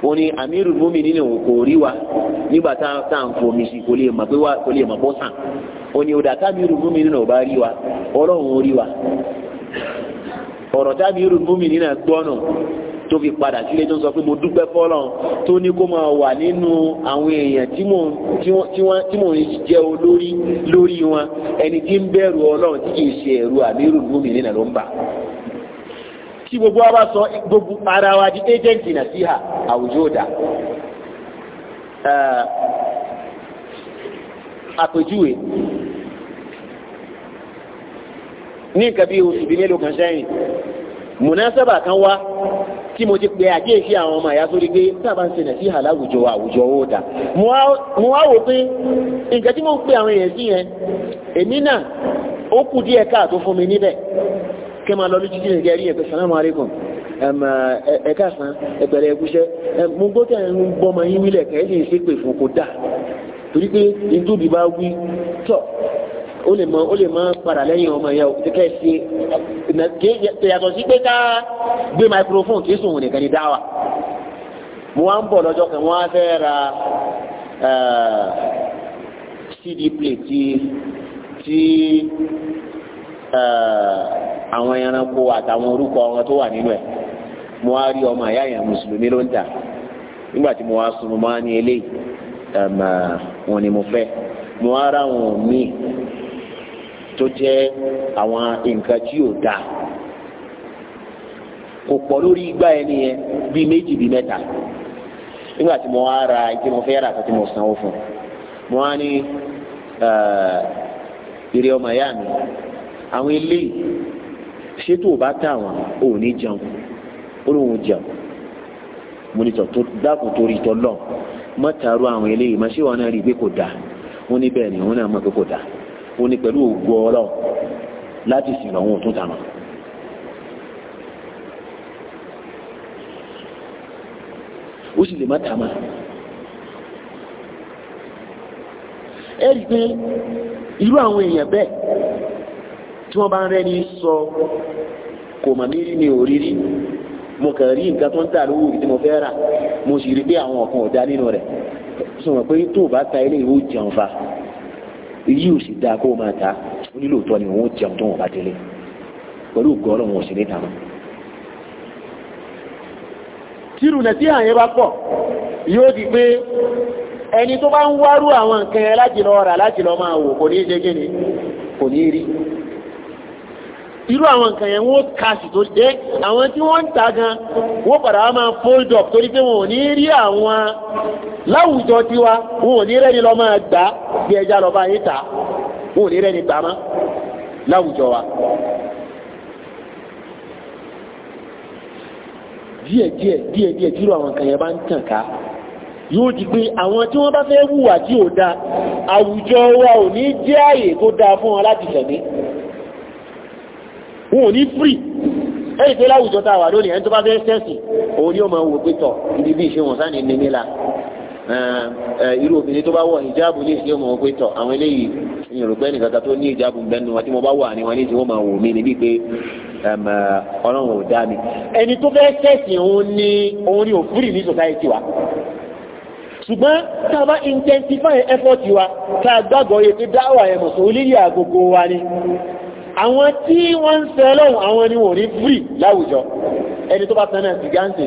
ó ní amirul mumini ni òun kò rí wa nígbà tá à ń fomi sí kò lè ma pé wá kò lè mọ̀ bọ́ sàn ó ní ọ̀dà bá rí wa ọlọ́run rí wa ọ̀rọ̀ náà gbọ́nà tó fi padà sílé tó ń sọ pé mo dúpẹ́ tó ní kó máa wà nínú àwọn èèyàn tí mò ń jẹ́ olórí lórí tí gbogbo wa bá sọ gbogbo ara wa di ẹ́jẹ̀ǹtì nàṣíhà àwùjọ dà àpèjúwe ní nǹkan bí oṣù bí mélòó kan sẹ́yìn mùnásábà kan wá tí mo ti pe àkíyèsí àwọn ọmọ àyà sórí pé sábà ń ṣe nàṣíhà láwùjọ àwùjọ ó dà mo wá wò pé nǹkan tí mo ń àwọn èèyàn sí yẹn èmi náà ó kù díẹ̀ káàtó fún mi níbẹ̀ kẹ́ máa lọ lójú tí nìkẹ́ rí ẹ̀pẹ́ salamu alaikum ẹ̀ka san ẹ̀pẹ̀lẹ̀ ẹ̀kúṣẹ́ mo gbọ́ tẹ̀ ń bọ́mọ yín wílẹ̀ kẹ́ lè ṣe pè fún kó dà torí pé ìtòbí bá wí tọ̀ ó lè mọ ó lè mọ padà lẹ́yìn ọmọ yẹn o ti CD play ti. Eh, àwọn ẹranko àtàwọn orúkọ wọn tó wà nínú ẹ̀ mo wá rí ọmọ àyà yẹn mùsùlùmí ló ń tà nígbà tí mo wá sùn mo máa ní eléyìí wọn eh, ni mo fe, mo wá rà wọn míì tó je àwọn nǹkan tí ò dáa kò pọ̀ lórí igba ẹni yẹn bíi méjì bíi mẹ́ta nígbà tí mo wá ra ìdí mo fẹ́ rà àti mo sanwó fún mo wá ní eh, ọmọ mi àwọn eléyìí ṣé tó o bá tà wọn ò ní jẹun ó lóun jẹun mo ní tọ̀ tó dákun torí tọ́ lọ mọ́tàrú àwọn eléyìí mọ́ ṣé wọn náà rí i pé kò dáa wọ́n ní bẹ́ẹ̀ ni wọ́n náà mọ̀ pé kò dáa wọ́n ní pẹ̀lú ògo ọlọ́ láti sìn lọ́wọ́ tó tà wọn. ó sì lè má tà wọn. ẹ rí i pé irú àwọn èèyàn bẹ́ẹ̀ tí wọ́n bá ń rẹ́ni sọ kò mọ̀ nírí ni ò rírí mo kàn rí nǹkan tó ń tà lówó tí mo fẹ́ rà mo sì rí pé àwọn ọ̀kan ọ̀dá nínú rẹ̀ sọ wọn pé tó o bá ta ilé ìwé jẹun fa èyí sì dáa kó o máa ta ó nílò ni òun ó jẹun tó wọn bá délé pẹ̀lú ògùn ọlọ́run ò sì ní tàmú. tírù nà tí àyẹ̀ bá pọ̀ yóò di pé ẹni tó bá ń wárú àwọn nǹkan ẹ láti lọ rà láti lọ máa wò kò ní í ṣe kí ni kò ní í rí irú àwọn nǹkan yẹn wọ́n kàṣì tó dé àwọn tí wọ́n ń ta gan wọ́n padà wá máa fold up torí pé wọn ò ní rí àwọn láwùjọ tiwa wọn ò ní rẹ́ni lọ máa gbà bí ẹja lọ bá yín ta wọn ò ní rẹ́ni gbà mọ́ láwùjọ wa. díẹ̀ díẹ̀ díẹ̀ díẹ̀ tí irú àwọn nǹkan yẹn bá ń tàn ká yóò di pé àwọn tí wọ́n bá fẹ́ hùwà tí ò da àwùjọ wa ò ní jẹ́ àyè tó dáa fún wọn láti ṣẹ̀mí wọn ò ní free ẹ̀yìn pé láwùjọ tá a wà lónìí ẹni tó bá fẹ́ sẹ́sì òun ni ó máa wò pé tọ̀ ibi bí ìṣe wọn sáà ní nílé la irú obìnrin tó bá wọ ìjáàbù ní ìṣe wọn pé tọ̀ àwọn eléyìí ìyẹn rò pé ẹnìkan kan tó ní ìjáàbù bẹ́nu wọn tí mo bá wà ní wọn ní ìṣe wọn máa wò mí níbi pé ọlọ́run ò dá mi. ẹni tó fẹ́ sẹ́sì òun ni òun ni òfúrì ní society wa ṣùgbọ́n tá a bá intensify effort wa tá a gbàgbọ́ yẹ pé dáwà ẹ̀ mọ̀sọ̀ àwọn tí wọ́n ń sẹ lọ́wọ́ àwọn ni wọ́n ní fúrì láwùjọ ẹni tó bá tán náà sìgá ń sè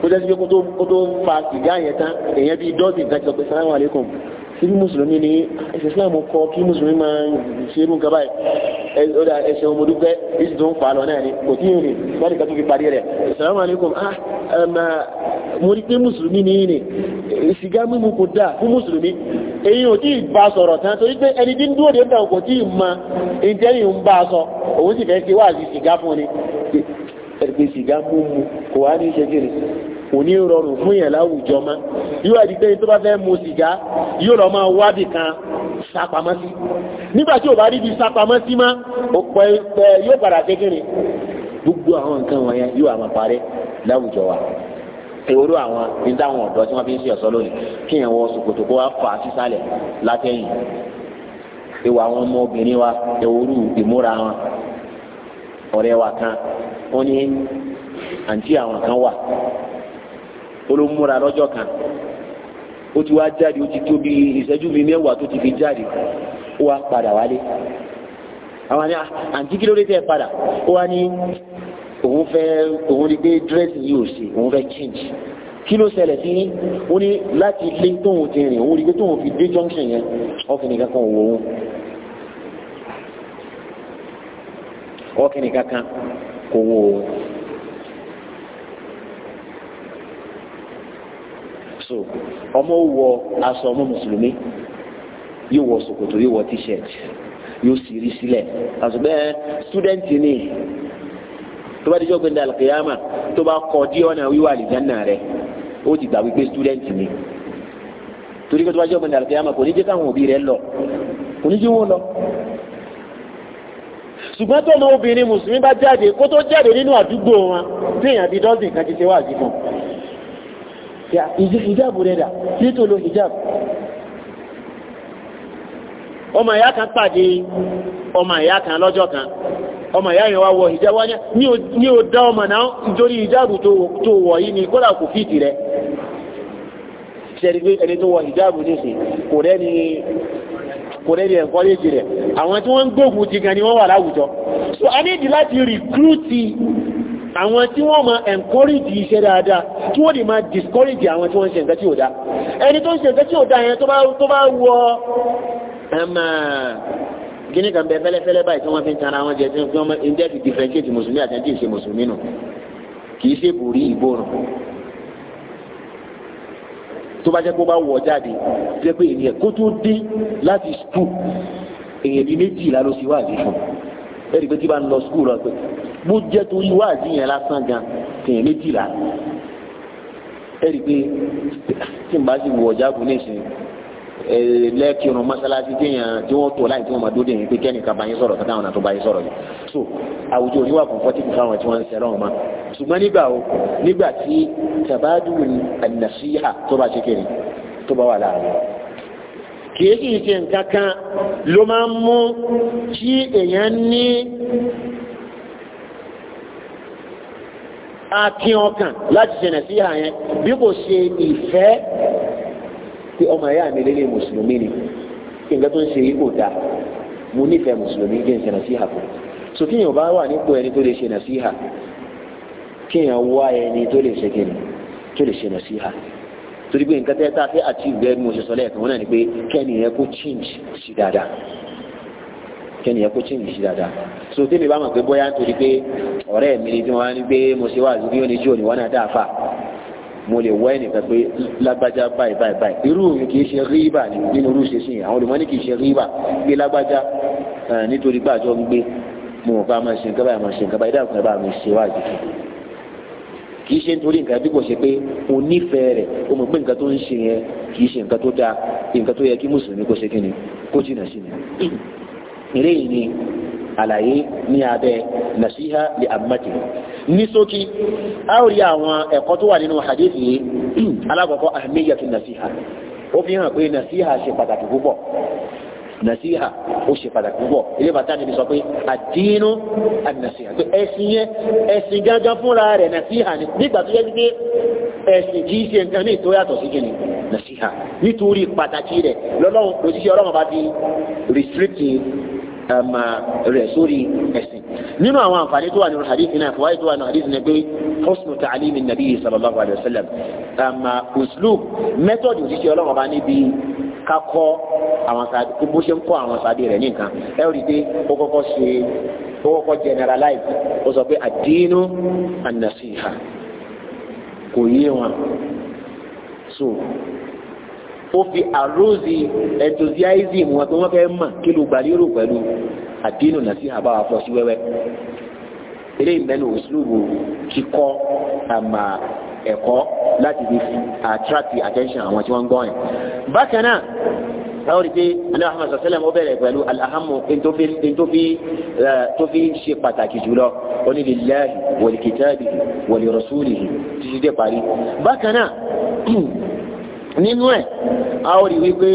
kó jẹ́ sípé kó tó fa sìgá yẹn tán èèyàn bíi dọ́sìn kan ti sọ pé salamu alaikum síbí mùsùlùmí ni ẹ̀sẹ̀ islam kọ kí mùsùlùmí máa ń ṣe irú nǹkan báyìí ọ̀dà ẹ̀sẹ̀ tó ń fa lọ náà ni kò tí ì rìn láti alaikum ah, um, ah mo rí pé mùsùlùmí ni ní sìgá èyí ò tí ì bá sọ̀rọ̀ tán torí pé ẹni tí ń dúró dé bẹ̀rù kò tí ì mọ èyí tí ẹ̀yìn bá sọ òun sì fẹ́ ṣe wá sí sìgá fún ni ẹgbẹ́ sìgá mú mu kò wá ní ṣe kiri kò ní rọrùn fún yẹn láwùjọ mọ́ yóò wá di pé tó bá fẹ́ mu sìgá yóò lọ máa wádìí kan sápamọ́ sí nígbà tí ò bá rí ibi sápamọ́ sí mọ́ ọ̀pọ̀ yóò padà ṣe kiri gbogbo àwọn nǹkan wọ̀nyẹn yóò àmà parẹ́ láwùjọ wa ewúro àwọn ní táwọn ọ̀dọ́ tí wọ́n fi ń ṣe ọ̀ṣọ́ lónìí kí yẹn wọ ṣòkòtò kó wá fà á sísàlẹ̀ látẹ̀yìn ewu àwọn ọmọbìnrin wa ewúro ìmúra wọn ọ̀rẹ́ wa kan wọ́n ní àǹtí àwọn kan wà olómúra lọ́jọ́ kan ó ti wá jáde ó ti tó bí ìṣẹ́jú bíi mẹ́wàá tó ti fi jáde ó wá padà wálé àwọn ah, àǹtí kí ló dé tẹ́ padà ó wá ní òun fẹ́ òun rí pé dírẹ́sì yìí ò ṣe òun fẹ́ change kí ló ṣẹlẹ̀ sí ó ní láti ilé tóun ti rìn òun rí pé tóun fi dé junction yẹn ọkùnrin kankan wò ó ọkùnrin kankan kò wò ó. so ọmọ wọ aṣọ ọmọ mùsùlùmí yóò wọ ṣòkòtò yóò wọ t-shirt yóò sì rí sílẹ̀ àtùgbẹ́ student ni tó bá dijọ́ gbẹ̀ndẹ̀ alikiyama tó bá kọ́ dí ọ̀nà wíwá àlìjáná rẹ̀ O ti gbà wípé student ni torí pé tó bá dijọ́ gbẹ̀ndẹ̀ alikiyama kò ní jẹ́ káwọn òbí rẹ̀ lọ kò ní jẹ́ wọn lọ. ṣùgbọ́n tó ní obìnrin mùsùlùmí bá jáde kó tó jáde nínú àdúgbò wọn tí èèyàn bíi dọ́sìn kan ti ṣe wá àdìgbò hijab rẹ̀ dà nítorí hijab ọmọ ìyá kan pàdé ọmọ ìyá kan lọ́jọ́ kan ọmọ ìyá yẹn wá wọ ìjábá ní o dá ọmọ náà nítorí ìjáàbù tó wọ̀ yìí ni kódà kò fìtì rẹ̀ ṣẹ́ni pé ẹni tó wọ ìjáàbù nísìn kò rẹ́ni kò ẹ̀kọ́lẹ́jì rẹ̀ àwọn tí wọ́n ń gbógun ti gan ni wọ́n wà láwùjọ àwọn tí wọ́n ma encourage iṣẹ́ dáadáa tí wọ́n lè ma discourage àwọn tí wọ́n ṣe nǹkan tí ò dá ẹni tó ń ṣe nǹkan tí ò dá yẹn tó bá wọ um, kíní kan bẹ fẹ́lẹ́fẹ́lẹ́ báyìí tí wọ́n fi ń tara wọn jẹ tí wọ́n fi ń jẹ́ fi differentiate mùsùlùmí àti ẹni tí ì ṣe mùsùlùmí nù kì í ṣe bòrí ìgbóòrùn tó bá jẹ́ kó bá wọ̀ jáde jẹ́ pé ènìyàn kó tó dé láti skul èèyàn bíi méjìlá ló ṣe wáàdí fún ẹ̀rí pé tí bá lọ skul lọ pé mo jẹ́ torí wáàdí yẹn lásán gan èèyàn méjìlá ẹ̀rí pé tí n bá sì wọ̀ jáde nísìnyí lẹ́kìrún mọ́sálásí téèyàn tí wọ́n tó láì tí wọ́n máa dúdú yẹn pé kẹ́nìkan bá yín sọ̀rọ̀ kí táwọn àtúbá yín sọ̀rọ̀ yìí so àwùjọ oníwà kọ̀ǹfọ́tì fún àwọn tí wọ́n ń sẹ́rọ̀ wọn ma ṣùgbọ́n nígbà o nígbà tí tabadu an-nasiha tó bá ṣe kiri tó bá wà láàrin kìí kìí ṣe nǹkan kan ló máa ń mú kí èèyàn ní akin ọkàn láti ṣe nasiha yẹn bí kò ṣe ìfẹ́ pé ọmọ ẹ̀yà mi lélẹ̀ mùsùlùmí ni kí nǹkan tó ń ṣe yìí kò dáa mo nífẹ̀ẹ́ mùsùlùmí kí n ṣe nàṣíhà fún un so kí èèyàn bá wà nípò ẹni tó lè ṣe nàṣíhà kí èèyàn wá ẹni tó lè ṣe kíni tó lè ṣe nàṣíhà torí pé nǹkan tẹ́tà fẹ́ àti ìgbẹ́ mo ṣe sọ lẹ́ẹ̀kan wọn náà ni pé kẹ́ni yẹn kó change sí dáadáa kẹ́ni yẹn kó change sí dáadáa so tẹ́mi bá mọ̀ pé bóyá nítorí pé ọ̀rẹ́ mi ni tí wọ́n á ní pé mo ṣe wá àdúgbò ní jù òní wọn náà dáa fà mo lè wá ẹnìkan pé lágbájá báyìí báyìí báyìí irú òun kì í ṣe ríbà nínú irú ṣe sìn àwọn olùmọ́ ní kì í ṣe ríbà pé lágbájá nítorí pé àjọ ń gbé mo ò bá máa ṣe nǹkan báyìí máa ṣe nǹkan báyìí dáàbò náà bá mi ṣe wá àjùkù kì í ṣe nítorí nǹkan bí kò ṣe pé o nífẹ̀ẹ́ rẹ̀ o mọ̀ pé nǹkan tó ń ṣe yẹn kì í ṣe nǹkan tó dáa nǹkan tó yẹ kí mùsùlùmí kó ṣe kí ni kó jìnnà sí ni eléyìí ni àlàyé ní abẹ́ nasiha li amati ní ṣókí a ó rí àwọn ẹ̀kọ́ tó wà nínú hadith yìí alákọ̀ọ́kọ́ ahmiyatu nasiha ó fi hàn pé nasiha ṣe pàtàkì púpọ̀ nasiha ó ṣe pàtàkì púpọ̀ ilé bàtà níbi sọ pé àdínú ànàsíhà pé ẹ̀sìn yẹn ẹ̀sìn gángan fúnra rẹ̀ nasiha ni nígbà ama rẹ̀ sórí ẹ̀sìn nínú àwọn àǹfààní tó wà nínú hadith náà fọwọ́ tó wà nínú hadith náà pé husnu ta'alimi nabi sallallahu alayhi wa sallam ama uslub method òṣìṣẹ́ ọlọ́run ọba níbi kakọ́ àwọn sáadé bó ṣe ń kọ́ àwọn sáadé rẹ̀ ní nǹkan ẹ rí i pé ó kọ́kọ́ ṣe ó kọ́kọ́ generalize ó sọ pé àdínú ànàṣìhà kò yé wọn so ó fi àróòzì enthusiasm wọn tó wọ́n fẹ́ mọ̀ kí ló gbàlérò pẹ̀lú àdínù náà sí àbáwá fọ́ sí wẹ́wẹ́ eléyìí mẹ́nu òṣùlùbù kíkọ́ àmà ẹ̀kọ́ láti fi attract attention àwọn tí wọ́n ń gbọ́ yẹn. bákan náà báwo ni pé alẹ́ ahmed sọ́sẹ́lẹ̀m ó bẹ̀rẹ̀ pẹ̀lú alahamu tó fi ṣe pàtàkì jùlọ onílẹ̀láhi wọ̀lìkìtàbì wọ̀lìrọ̀súlì títí dé parí. bákan náà nínú ẹ̀ a ó rí wípé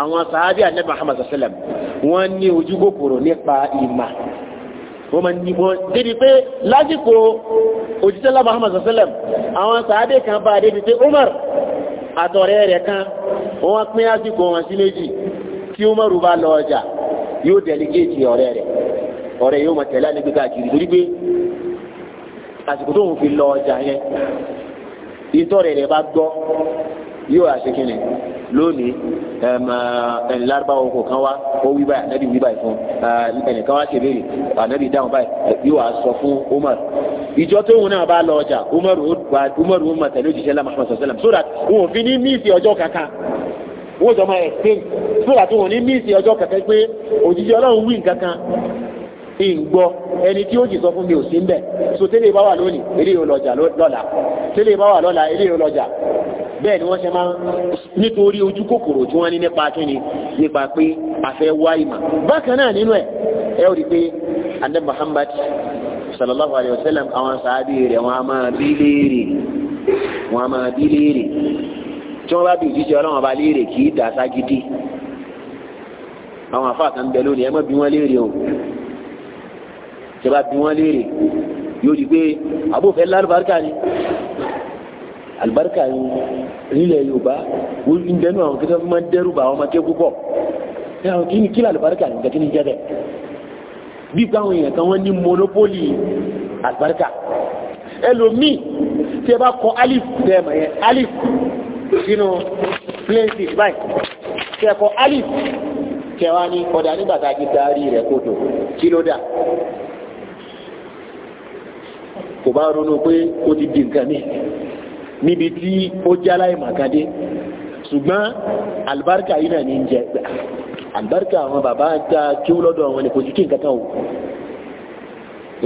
àwọn sàábí ànábì Muhammad sallam wọ́n ní ojú kòkòrò nípa ìmà wọ́n ma ní wọ́n débi pé lásìkò òjíṣẹ́lá Muhammad sallam àwọn sàábí kan bá débi pé Umar àtọ̀rẹ́ rẹ̀ kan wọ́n pín àsìkò wọn sí méjì tí Umar bá lọ ọjà yóò dẹ̀lígéètì ọ̀rẹ́ rẹ̀ ọ̀rẹ́ yóò mọ̀ tẹ̀lé àníbi káàkiri torí pé àsìkò tó ń fi lọ ọjà yẹn ìtọ́rẹ̀ rẹ̀ bá gbọ́ yóò àṣẹ kìnnì lónìí ẹni lárúbáwò kò kan wá ó wí báyìí ànábì wí báyìí fún ẹnìkan wá ṣèlérí ànábì dáhùn báyìí yóò wá sọ fún Umar ìjọ tóun náà bá lọ ọjà Umar Umar Umar tẹ̀lé òjìṣẹ́ lámà fún ọ̀sán sẹ́lẹ̀m so that wọn ò fi ní míìsì ọjọ́ kaka wọn ò jọ máa ẹ̀ pé so that wọn ò ní míìsì ọjọ́ kankan pé òjìṣẹ́ Ọlọ́run wí ìgbọ́ ẹni tí ó jì sọ fún mi ò sí ń bẹ̀ so tẹ́lẹ̀ bá wà lónìí eléyìí ò lọ́jà lọ́la tẹ́lẹ̀ bá wà lọ́la eléyìí ò bẹ́ẹ̀ ni wọ́n ṣe máa nítorí ojú kòkòrò tí wọ́n ní nípa kíni nípa pé àfẹ́ wá ìmọ̀ bákan náà nínú ẹ̀ ẹ ó rí pé adé Muhammad sallallahu alayhi wa sallam àwọn sàábì rẹ̀ wọ́n á máa bí léèrè wọ́n á máa bí léèrè tí wọ́n bá bí ìjíṣẹ́ ọlọ́run ọba léèrè kì í dà ságídí àwọn àfáà kan bẹ lónìí ẹ má bí wọ́n léèrè o tẹ́bá bí wọ́n léèrè yóò di pé àbófẹ́ lálùbáríkà ni àlùbáríkà ni nílẹ̀ yorùbá ń dẹnu àwọn kẹsàn fún máa dẹrù bá àwọn ọmọ kéwú pọ̀ kí ni kí ni kẹ́kí ni jẹ́ bẹ́ẹ̀ bí káwọn èèyàn kan wọ́n ní monopoli àlùbáríkà ẹlòmíì tí ẹ bá kọ alif bẹ́ẹ̀ mọ̀ alif sínú plain seed báyìí tí ẹ kọ alif kẹwàá ní ọ̀dà nígbà tá a ti darí rẹ̀ kótó kí ló dà kò bá ronú pé ó ti di nǹkan mi níbi tí ó jẹ́ aláìmọ̀kadé ṣùgbọ́n alibarika yìí náà ní jẹ alibarika àwọn bàbá ta kíw lọ́dọ̀ àwọn ẹ̀kọ́ sí kí nǹkan kan o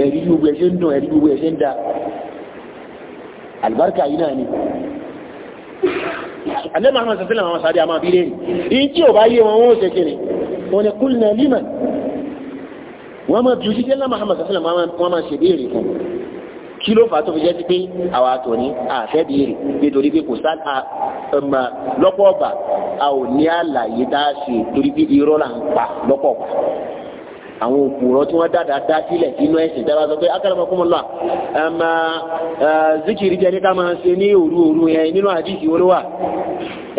ẹ̀rí gbogbo ẹ̀ ṣe ń dùn ẹ̀rí gbogbo ẹ̀ ṣe ń da alibarika yìí náà ni alẹ́ máa sọ sílẹ̀ àwọn sáré àmọ́ abílẹ̀ ni tí ò bá yé wọn wọn ṣe kiri wọn ni kúlù náà límà wọn máa bí ojú jẹ́ náà Muhammad sallam wọn máa ṣe béèrè fún un kí ló fà á tó fi jẹ́ sí pé àwa tò ní àfẹ́ béèrè nítorí pé kò sá ọmọ lọ́pọ̀ ọ̀bà a ò ní àlàyé tá a ṣe torí pé irọ́ là ń pa lọ́pọ̀ ọ̀bà àwọn òpùrọ̀ tí wọ́n dáadáa dá sílẹ̀ sínú ẹ̀sìn tí a bá sọ pé akérèmọkúnmọlá ẹmọ zikiri jẹ ní ká máa ṣe ní òru òru yẹn nínú àdìsí wọn wà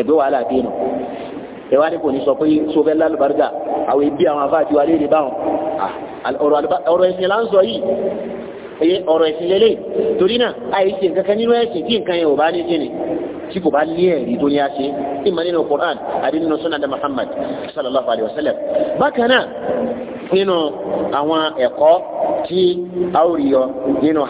ẹgbẹ́ wàhálà dé nù ẹ ní kò ní sọ pé sọfẹ lálùbáríkà àwọn ibi àwọn afáàtì wa léde báwọn ọ̀rọ̀ ẹ̀sìn là ń sọ yìí èyí eh, ọ̀rọ̀ ẹ̀sìn lélẹ̀ torí náà àìsí nǹkan kan nínú ẹ̀sìn tí nǹkan yẹn ò bá ní kíni tí kò bá lé ẹ̀rí tó ní a ṣe ìmọ̀ nínú Qur'an àbí nínú sunnah Muhammad sallallahu alayhi wa sallam bákan náà nínú àwọn ẹ̀kọ́ tí a ó rí yọ nínú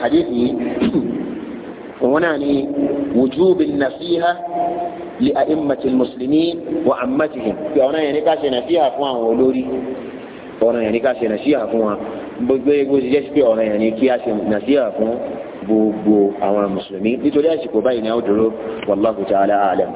gbogbo egbò ti jẹ́ pé ọ̀ràn yẹn ni kí a ṣe nàṣíyà fún gbogbo àwọn mùsùlùmí nítorí àsìkò báyìí ni a ó dúró wallahu ta'ala a'lam.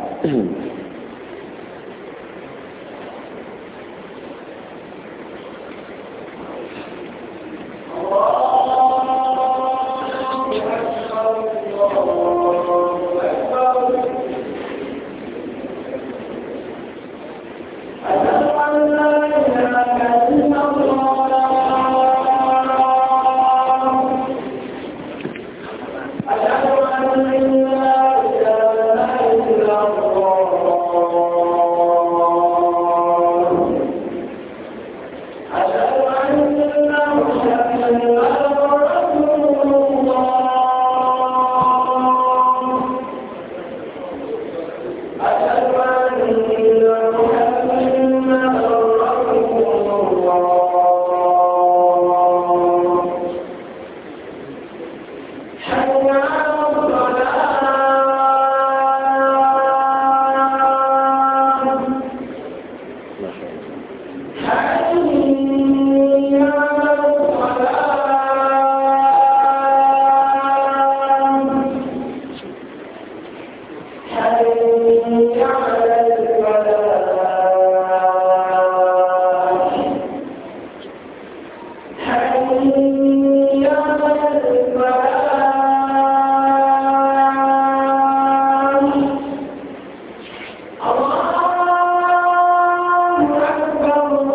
الله أكبر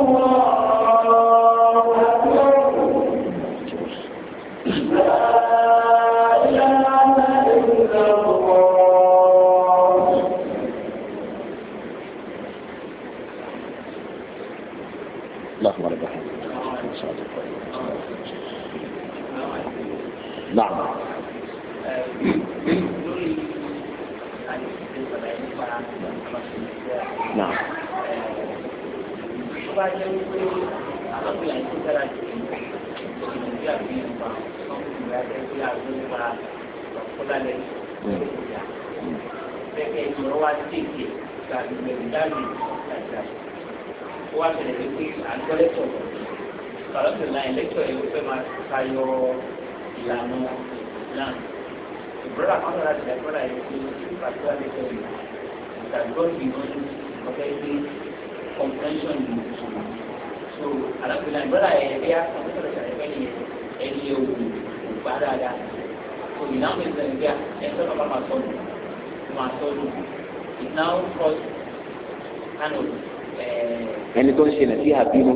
láì lẹ́tọ̀ yìí wọ́n fẹ́ máa tayọ ìlànà islam ìbúrọ̀dà kan tó láti lẹ́kọ́ láì lè fi pàṣípà lẹ́tọ̀ yìí ìtàgbọ́ so alákùnrin ìbúrọ̀dà yẹn bí a kàn tó lọ sàrẹ́fẹ́ so ìnáwó ìsẹ̀nìgbà ẹ̀sọ́ náà máa sọ̀rọ̀ máa sọ̀rọ̀ ìnáwó cross ẹni tó ń ṣe nàìjíríà bínú.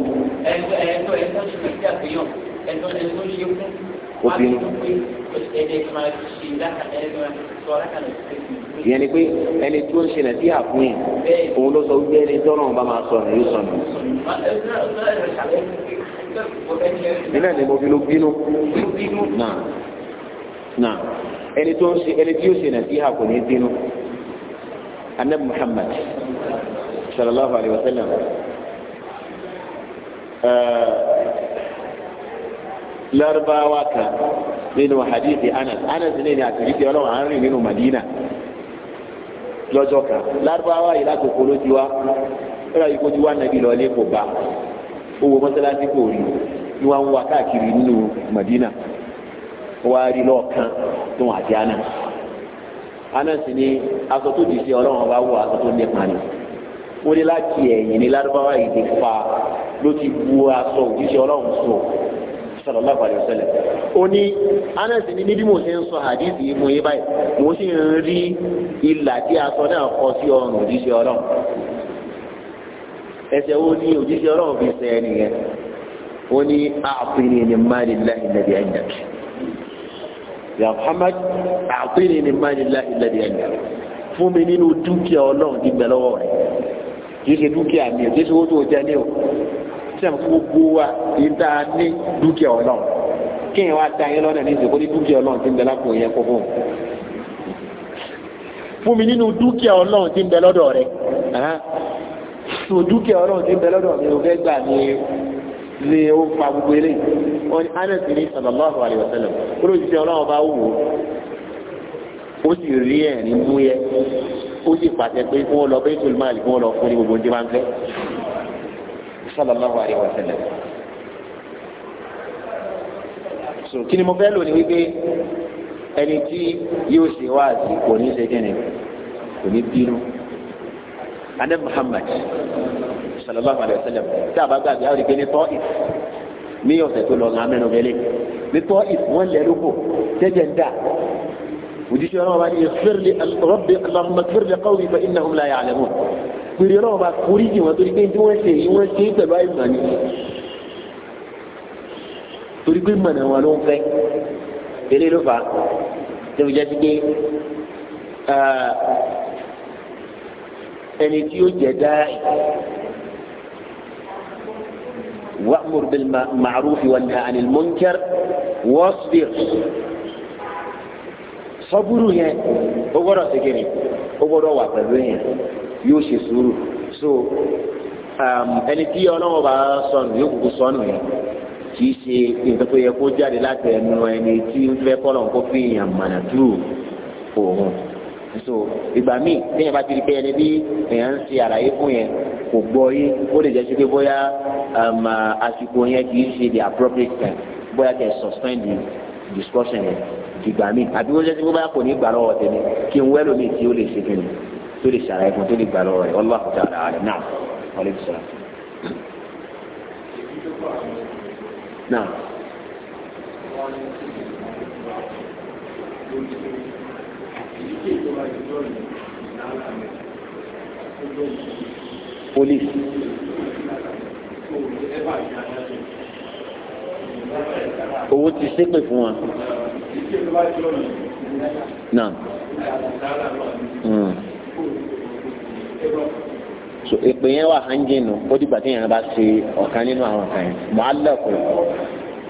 ẹni tó ẹni tó ń ṣe nàìjíríà bínú ẹni tó ẹni tó ń ṣe fún. ó bínú. ìyẹn ni pé ẹni tó ń ṣe nàìjíríà fún yẹn òun ló sọ wípé ẹni tó náà bá máa sọ ní yóò sọ ní. nínú ẹni mo fi ló bínú. náà náà ẹni tó ń ṣe ẹni tí yóò ṣe nàìjíríà kò ní bínú. anabi muhammad sallallahu alaihi wa sallam. Eh, lárúbáwá kan nínú hadithi anas anas ní ní àtìrísí ọlọ́run à ń rìn nínú madina lọ́jọ́ kan lárúbáwá yìí láti oko ló ti wá lọ́la yìí kó ti wá nàbí lọ́lé kò bá owó mọ́sálásí kò rí ni wọ́n ń wá káàkiri nínú madina wọ́n á rí lọ́ọ̀kan tó wọn àti anas anas ni aṣọ tó di sí ọlọ́run ọba wọ aṣọ tó nípa ni wọ́n ní láti ẹ̀yìn ní lárúbáwá yìí ti fa ló ti bu aṣọ òjíṣẹ́ ọlọ́run sọ sallallahu alaihi wasallam ó ní anas ní níbi mo ṣe ń sọ hadith yìí mo yé báyìí mo sì ń rí ìlà tí aṣọ náà kọ sí ọrùn òjíṣẹ́ ọlọ́run ẹsẹ̀ wo ni òjíṣẹ́ ọlọ́run fi ṣe ẹni yẹn ó ní àpìnrin ní mali láì lẹ́bi ẹ̀yìn dàkí ya Muhammad àpìnrin ní mali láì lẹ́bi ẹ̀yìn fún mi nínú dúkìá ọlọ́run ti gbẹ lọ́wọ́ rẹ̀ kì í ṣe dúkìá mi ò kì í ṣe owó tó jẹ ní o sẹ́mi gbogbo wa yìí tá a ní dúkìá ọlọ́run kéèyàn wá ta yín lọ́nà ní ìsìnkú ní dúkìá ọlọ́run ti ń bẹ lápò yẹn kó fún fún mi nínú dúkìá ọlọ́run ti ń bẹ lọ́dọ̀ rẹ so dúkìá ọlọ́run ti ń bẹ lọ́dọ̀ mi ò fẹ́ gbà ní ní ó fa gbogbo eléyìí wọn ni anas ní sallallahu alayhi wa sallam olóòtú ọlọ́run bá wù ó sì rí ẹ̀rín mú yẹ ó sì pàṣẹ pé kí wọ́n lọ bẹ́ẹ̀ tó máa lè kí wọ́n lọ fún ní gbogbo ní máa ń fẹ́ sallallahu الله عليه وسلم. so kí ni mo fẹ́ lò ní wípé ẹni tí yóò ṣe wáàsí kò ní ṣe kíni kò ní bínú adé Muhammad sallallahu alayhi wa sallam tí a bá gbàgbé àwọn ìgbéni tọ́ ìf ní ọ̀sẹ̀ tó lọ ń amẹ́nu bẹ́lẹ̀ ní tọ́ ìf wọ́n lẹ́nu kò jẹ́jẹ́ ń dà وديش يا رب يغفر لي الرب اللهم اغفر لقومي فانهم لا يعلمون ودي رب كوريجي وتريكين ما سي يوسي تباي شيء تريكين شيء تبعي ماني ele ló fà tó jẹ́ sí pé ẹni tí ó jẹ́ dáa wàmúr bil ma'ruf wa nahi anil munkar sọ́búrú yẹn ó gbọ́dọ̀ ṣe kiri ó gbọ́dọ̀ wà pẹ̀lú yẹn yóò ṣe sùúrù so um, ẹni tí ọlọ́wọ́ bá sọnù yóò kúkú sọnù yẹn kì í ṣe nǹkan tó yẹ kó jáde láti ẹnu ẹni tí ń fẹ́ kọ́ lọ́n kó fi yàn mànà dúró òun so ìgbà míì téèyàn bá ti di pé ẹni bí èèyàn ń ṣe àlàyé fún yẹn kò gbọ́ yé ó lè jẹ́ sí pé bóyá um, àsìkò yẹn kì í ṣe the appropriate time bóyá kẹ́ suspend the discussion yẹn ìgbà mi àbí wọ́n jẹ́ tí wọ́n bá kò ní gbà lọ́wọ́ tẹ̀lé kí n wẹ́lò mi tí ó lè ṣe fún mi tó lè ṣàlàyé fún tó lè gbà lọ́wọ́ rẹ̀ ọlọ́wà kúta ara rẹ̀ náà wọ́n lè fi sọ̀rọ̀. owó ti ṣépè fún wa náà hmm. so èpè yẹn wà hanjinu ó dìgbà tí yẹn bá ṣe ọ̀kan nínú àwọn kan yẹn mọ́álẹ́kù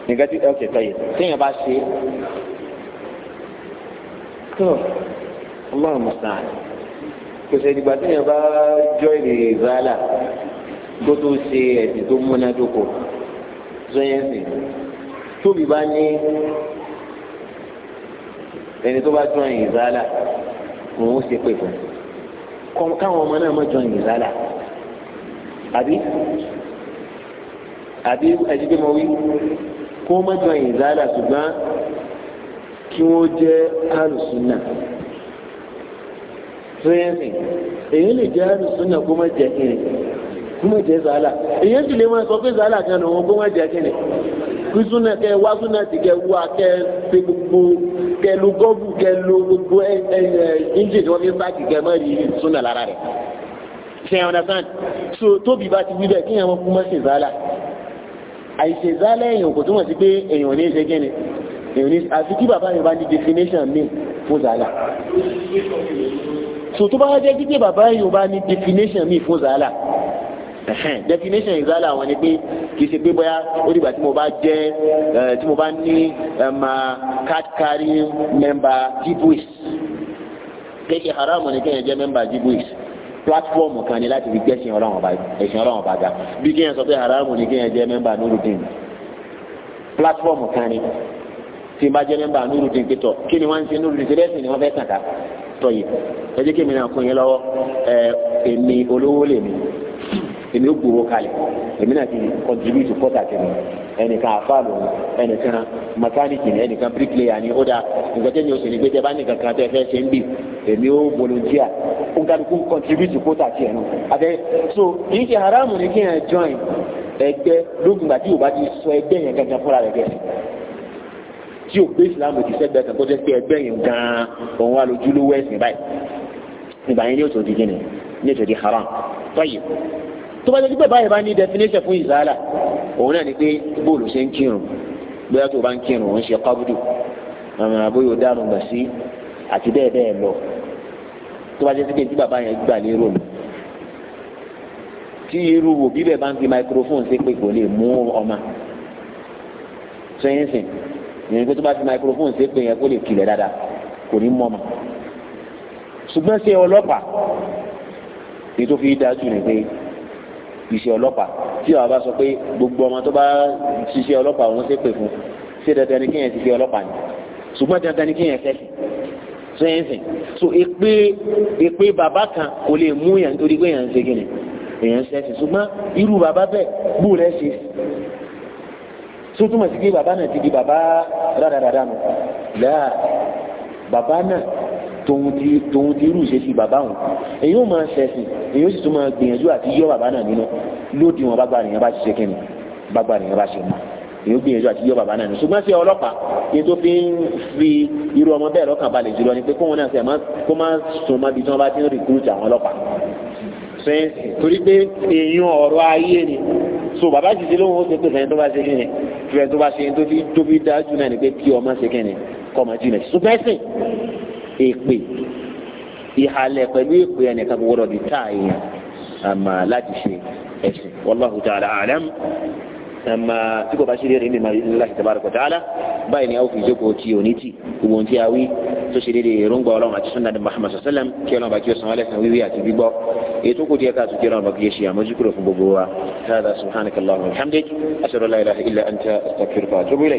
nìkan tí ọ̀kẹ́ tọ́ yìí tí yẹn bá ṣe tó ọlọ́run mùsàn kò sì dìgbà tí yẹn bá jọ èrè ìgbàlà kó tó ṣe ẹ̀sìn tó múnádóko zọ́yẹ́sì tóbi bá ní ẹni tó bá jọ ìyìn zálà òun ó ṣe pè fún un káwọn ọmọ náà má jọ ìyìn zálà àbí àbí ẹni pé mo wí kó má jọ ìyìn zálà ṣùgbọ́n kí wọ́n jẹ́ alùsùnà tírẹ́ẹ̀sì èyí lè jẹ́ alùsùnà kó má jẹ́ kiri kó má jẹ́ zálà èyí sì lè má sọ pé zálà kan lòun kó má jẹ́ kiri fi súnà kẹ wá súnà ti kẹ wá kẹ fi gbogbo kẹ lu gọ́ọ̀bù kẹ lu gbogbo ẹ ẹ ẹ injì tí wọ́n fi ń bá kìkẹ́ mọ́ rí súnà lára rẹ̀ ṣe ẹ̀ so tóbi bá ti wí bẹ́ẹ̀ kí ẹ̀wọ̀n kúmọ́ ṣe zálà àìṣe zálà èèyàn kò túmọ̀ sí pé èèyàn ní ṣe gẹ́ni èèyàn ní àfi kí bàbá yẹn bá ní definition mi fún zálà so tó bá jẹ́ kí bàbá yẹn bá ní definition mi fún zálà definition ìzálà àwọn ni pé kì í ṣe pé bóyá ó dìgbà tí mo bá jẹ́ eh, tí mo bá ní eh, card carrying member jibuis kì í ṣe haram ni kéèyàn jẹ́ member jibuis platform kan ni láti fi gbé ẹ̀sìn ọlọ́run ọba ẹ̀sìn ọlọ́run ọba ga bí kéèyàn sọ pé haram ni kéèyàn jẹ́ member nurudin platform kan ni tí n bá jẹ́ mẹ́mbà nurudin pé tọ̀ kí ni wọ́n ń ṣe nurudin ṣe lẹ́sìn ni wọ́n fẹ́ tàn ká tọ̀ yìí ẹ jẹ́ kí èmi náà kún yín lọ́wọ́ ẹ eh, èmi olówó lèmi èmi ó gbowó kalẹ̀ èmi náà ti contribute kọ́tà tẹ̀mí ẹnìkan àfáàlù ẹnìkan mẹkáníìkì ni ẹnìkan bíríkìlẹ̀yà ni ó dáa nǹkan tẹ́ni oṣù ní gbẹ́jẹ́ bá nìkan kan tẹ́ fẹ́ ṣe ń bì èmi ó volunteer ó ń kálukú contribute kọ́tà tiẹ̀ nù so kì í ṣe haramu ni kí n join ẹgbẹ́ lókun gbà tí o bá ti sọ ẹgbẹ́ yẹn gangan fúnra rẹ̀ gẹ̀ tí o gbé Islam ti sẹ́gbẹ́ kan tó jẹ́ pé ẹgbẹ́ yẹn gan-an òun wà lójúlówó ẹ̀sìn báyìí ìgbà yẹn ní òṣòdì gíní ní òṣòdì haram tọ́yì tó bá jẹ́ pé báyìí bá ní definition fún ìzálà òun náà ni pé bóòlù ṣe ń kírun bóyá tó bá ń kírun òun ṣe kábùdù àwọn àbóyọ dárun gbà sí àti bẹ́ẹ̀ bẹ́ẹ̀ lọ tó bá jẹ́ pé tí bàbá yẹn gbà lérò mi tí irú wò bí bẹ́ẹ̀ bá ń fi microphone ṣe pé kò lè mú ọmọ sẹ́yìn sìn ìyẹn pé tó bá fi microphone ṣe pé yẹn kó lè kilẹ̀ dáadáa kò ní mọ́ ọmọ ṣùgbọ́n ṣe ọlọ́pàá èyí tó fi dájú ni pé iṣẹ́ ọlọ́pàá tí wàá bá sọ pé gbogbo ọmọ tó bá ṣiṣẹ́ ọlọ́pàá òun ṣe pè fún ṣé dandan ni kéèyàn ti ṣe ọlọ́pàá ni ṣùgbọ́n dandan ni kéèyàn fẹ́sìn sẹ́yìnsìn so èpè èpè bàbá kan kò lè mú yàn torí pé yàn ń ṣe kíni èèyàn sẹ́sìn ṣùgbọ́n irú bàbá bẹ́ẹ̀ bù rẹ̀ ṣe sótúmọ̀ sí pé bàbá náà ti di bàbá rádaràdà nù láà bàbá náà tòun ti tòun ti irú ìṣesí bàbá òun èyí ó máa ṣẹ̀sìn èyí ó sì tún máa gbìyànjú àti yọ bàbá náà nínú lódì wọn bàbá nìyẹn bá ṣiṣẹ́ kẹ́ni bàbá nìyẹn bá ṣe mọ́ èyí ó gbìyànjú àti yọ bàbá náà nínú ṣùgbọ́n sí ọlọ́pàá ní tó fi ń fi irú ọmọ bẹ́ẹ̀ lọ́kàn balẹ̀ jùlọ ni pé kóun náà ṣe kó má sùn mọ́ ibi tí wọ́n bá ti ń rìkúrútì àwọn ọlọ́pàá sẹ́yìn torí pé èèyàn ọ̀rọ̀ ayé ni so bàbá ṣiṣẹ́ lóhun ó ṣe pé fẹ́ẹ́ tó bá ṣe kí ni fẹ́ẹ́ tó bá ṣe tó fi dájú náà ni pé kí ọmọ ṣe kí ni kọ́ ọmọ jìnnà ṣùgbọ́n ẹ̀sìn èpè ìhalẹ̀ pẹ̀lú èpè ẹnìkan gbọ́dọ̀ di tá èèyàn àmà láti ṣe ẹ̀sìn wallahu ta'ala a'lam àmà tí kò bá ṣe déédéé nínú Allahi tabaraka wa ta'ala báyìí ni a ó fi jókòó tí ò tì gbogbo ohun tí a wí tó ṣe déédéé èròǹgbà ọlọ́run àti sunnah Muhammad sallam kí ọlọ́run bá kí ó san alẹ́ wíwí àti gbígbọ́ ètò kò díẹ̀ káàtó kí ọlọ́run bá kí ó ṣe àmójúkúrò fún gbogbo wa hādhā subhanaka wa bihamdik ashhadu an lā ilāha illā wa atūbu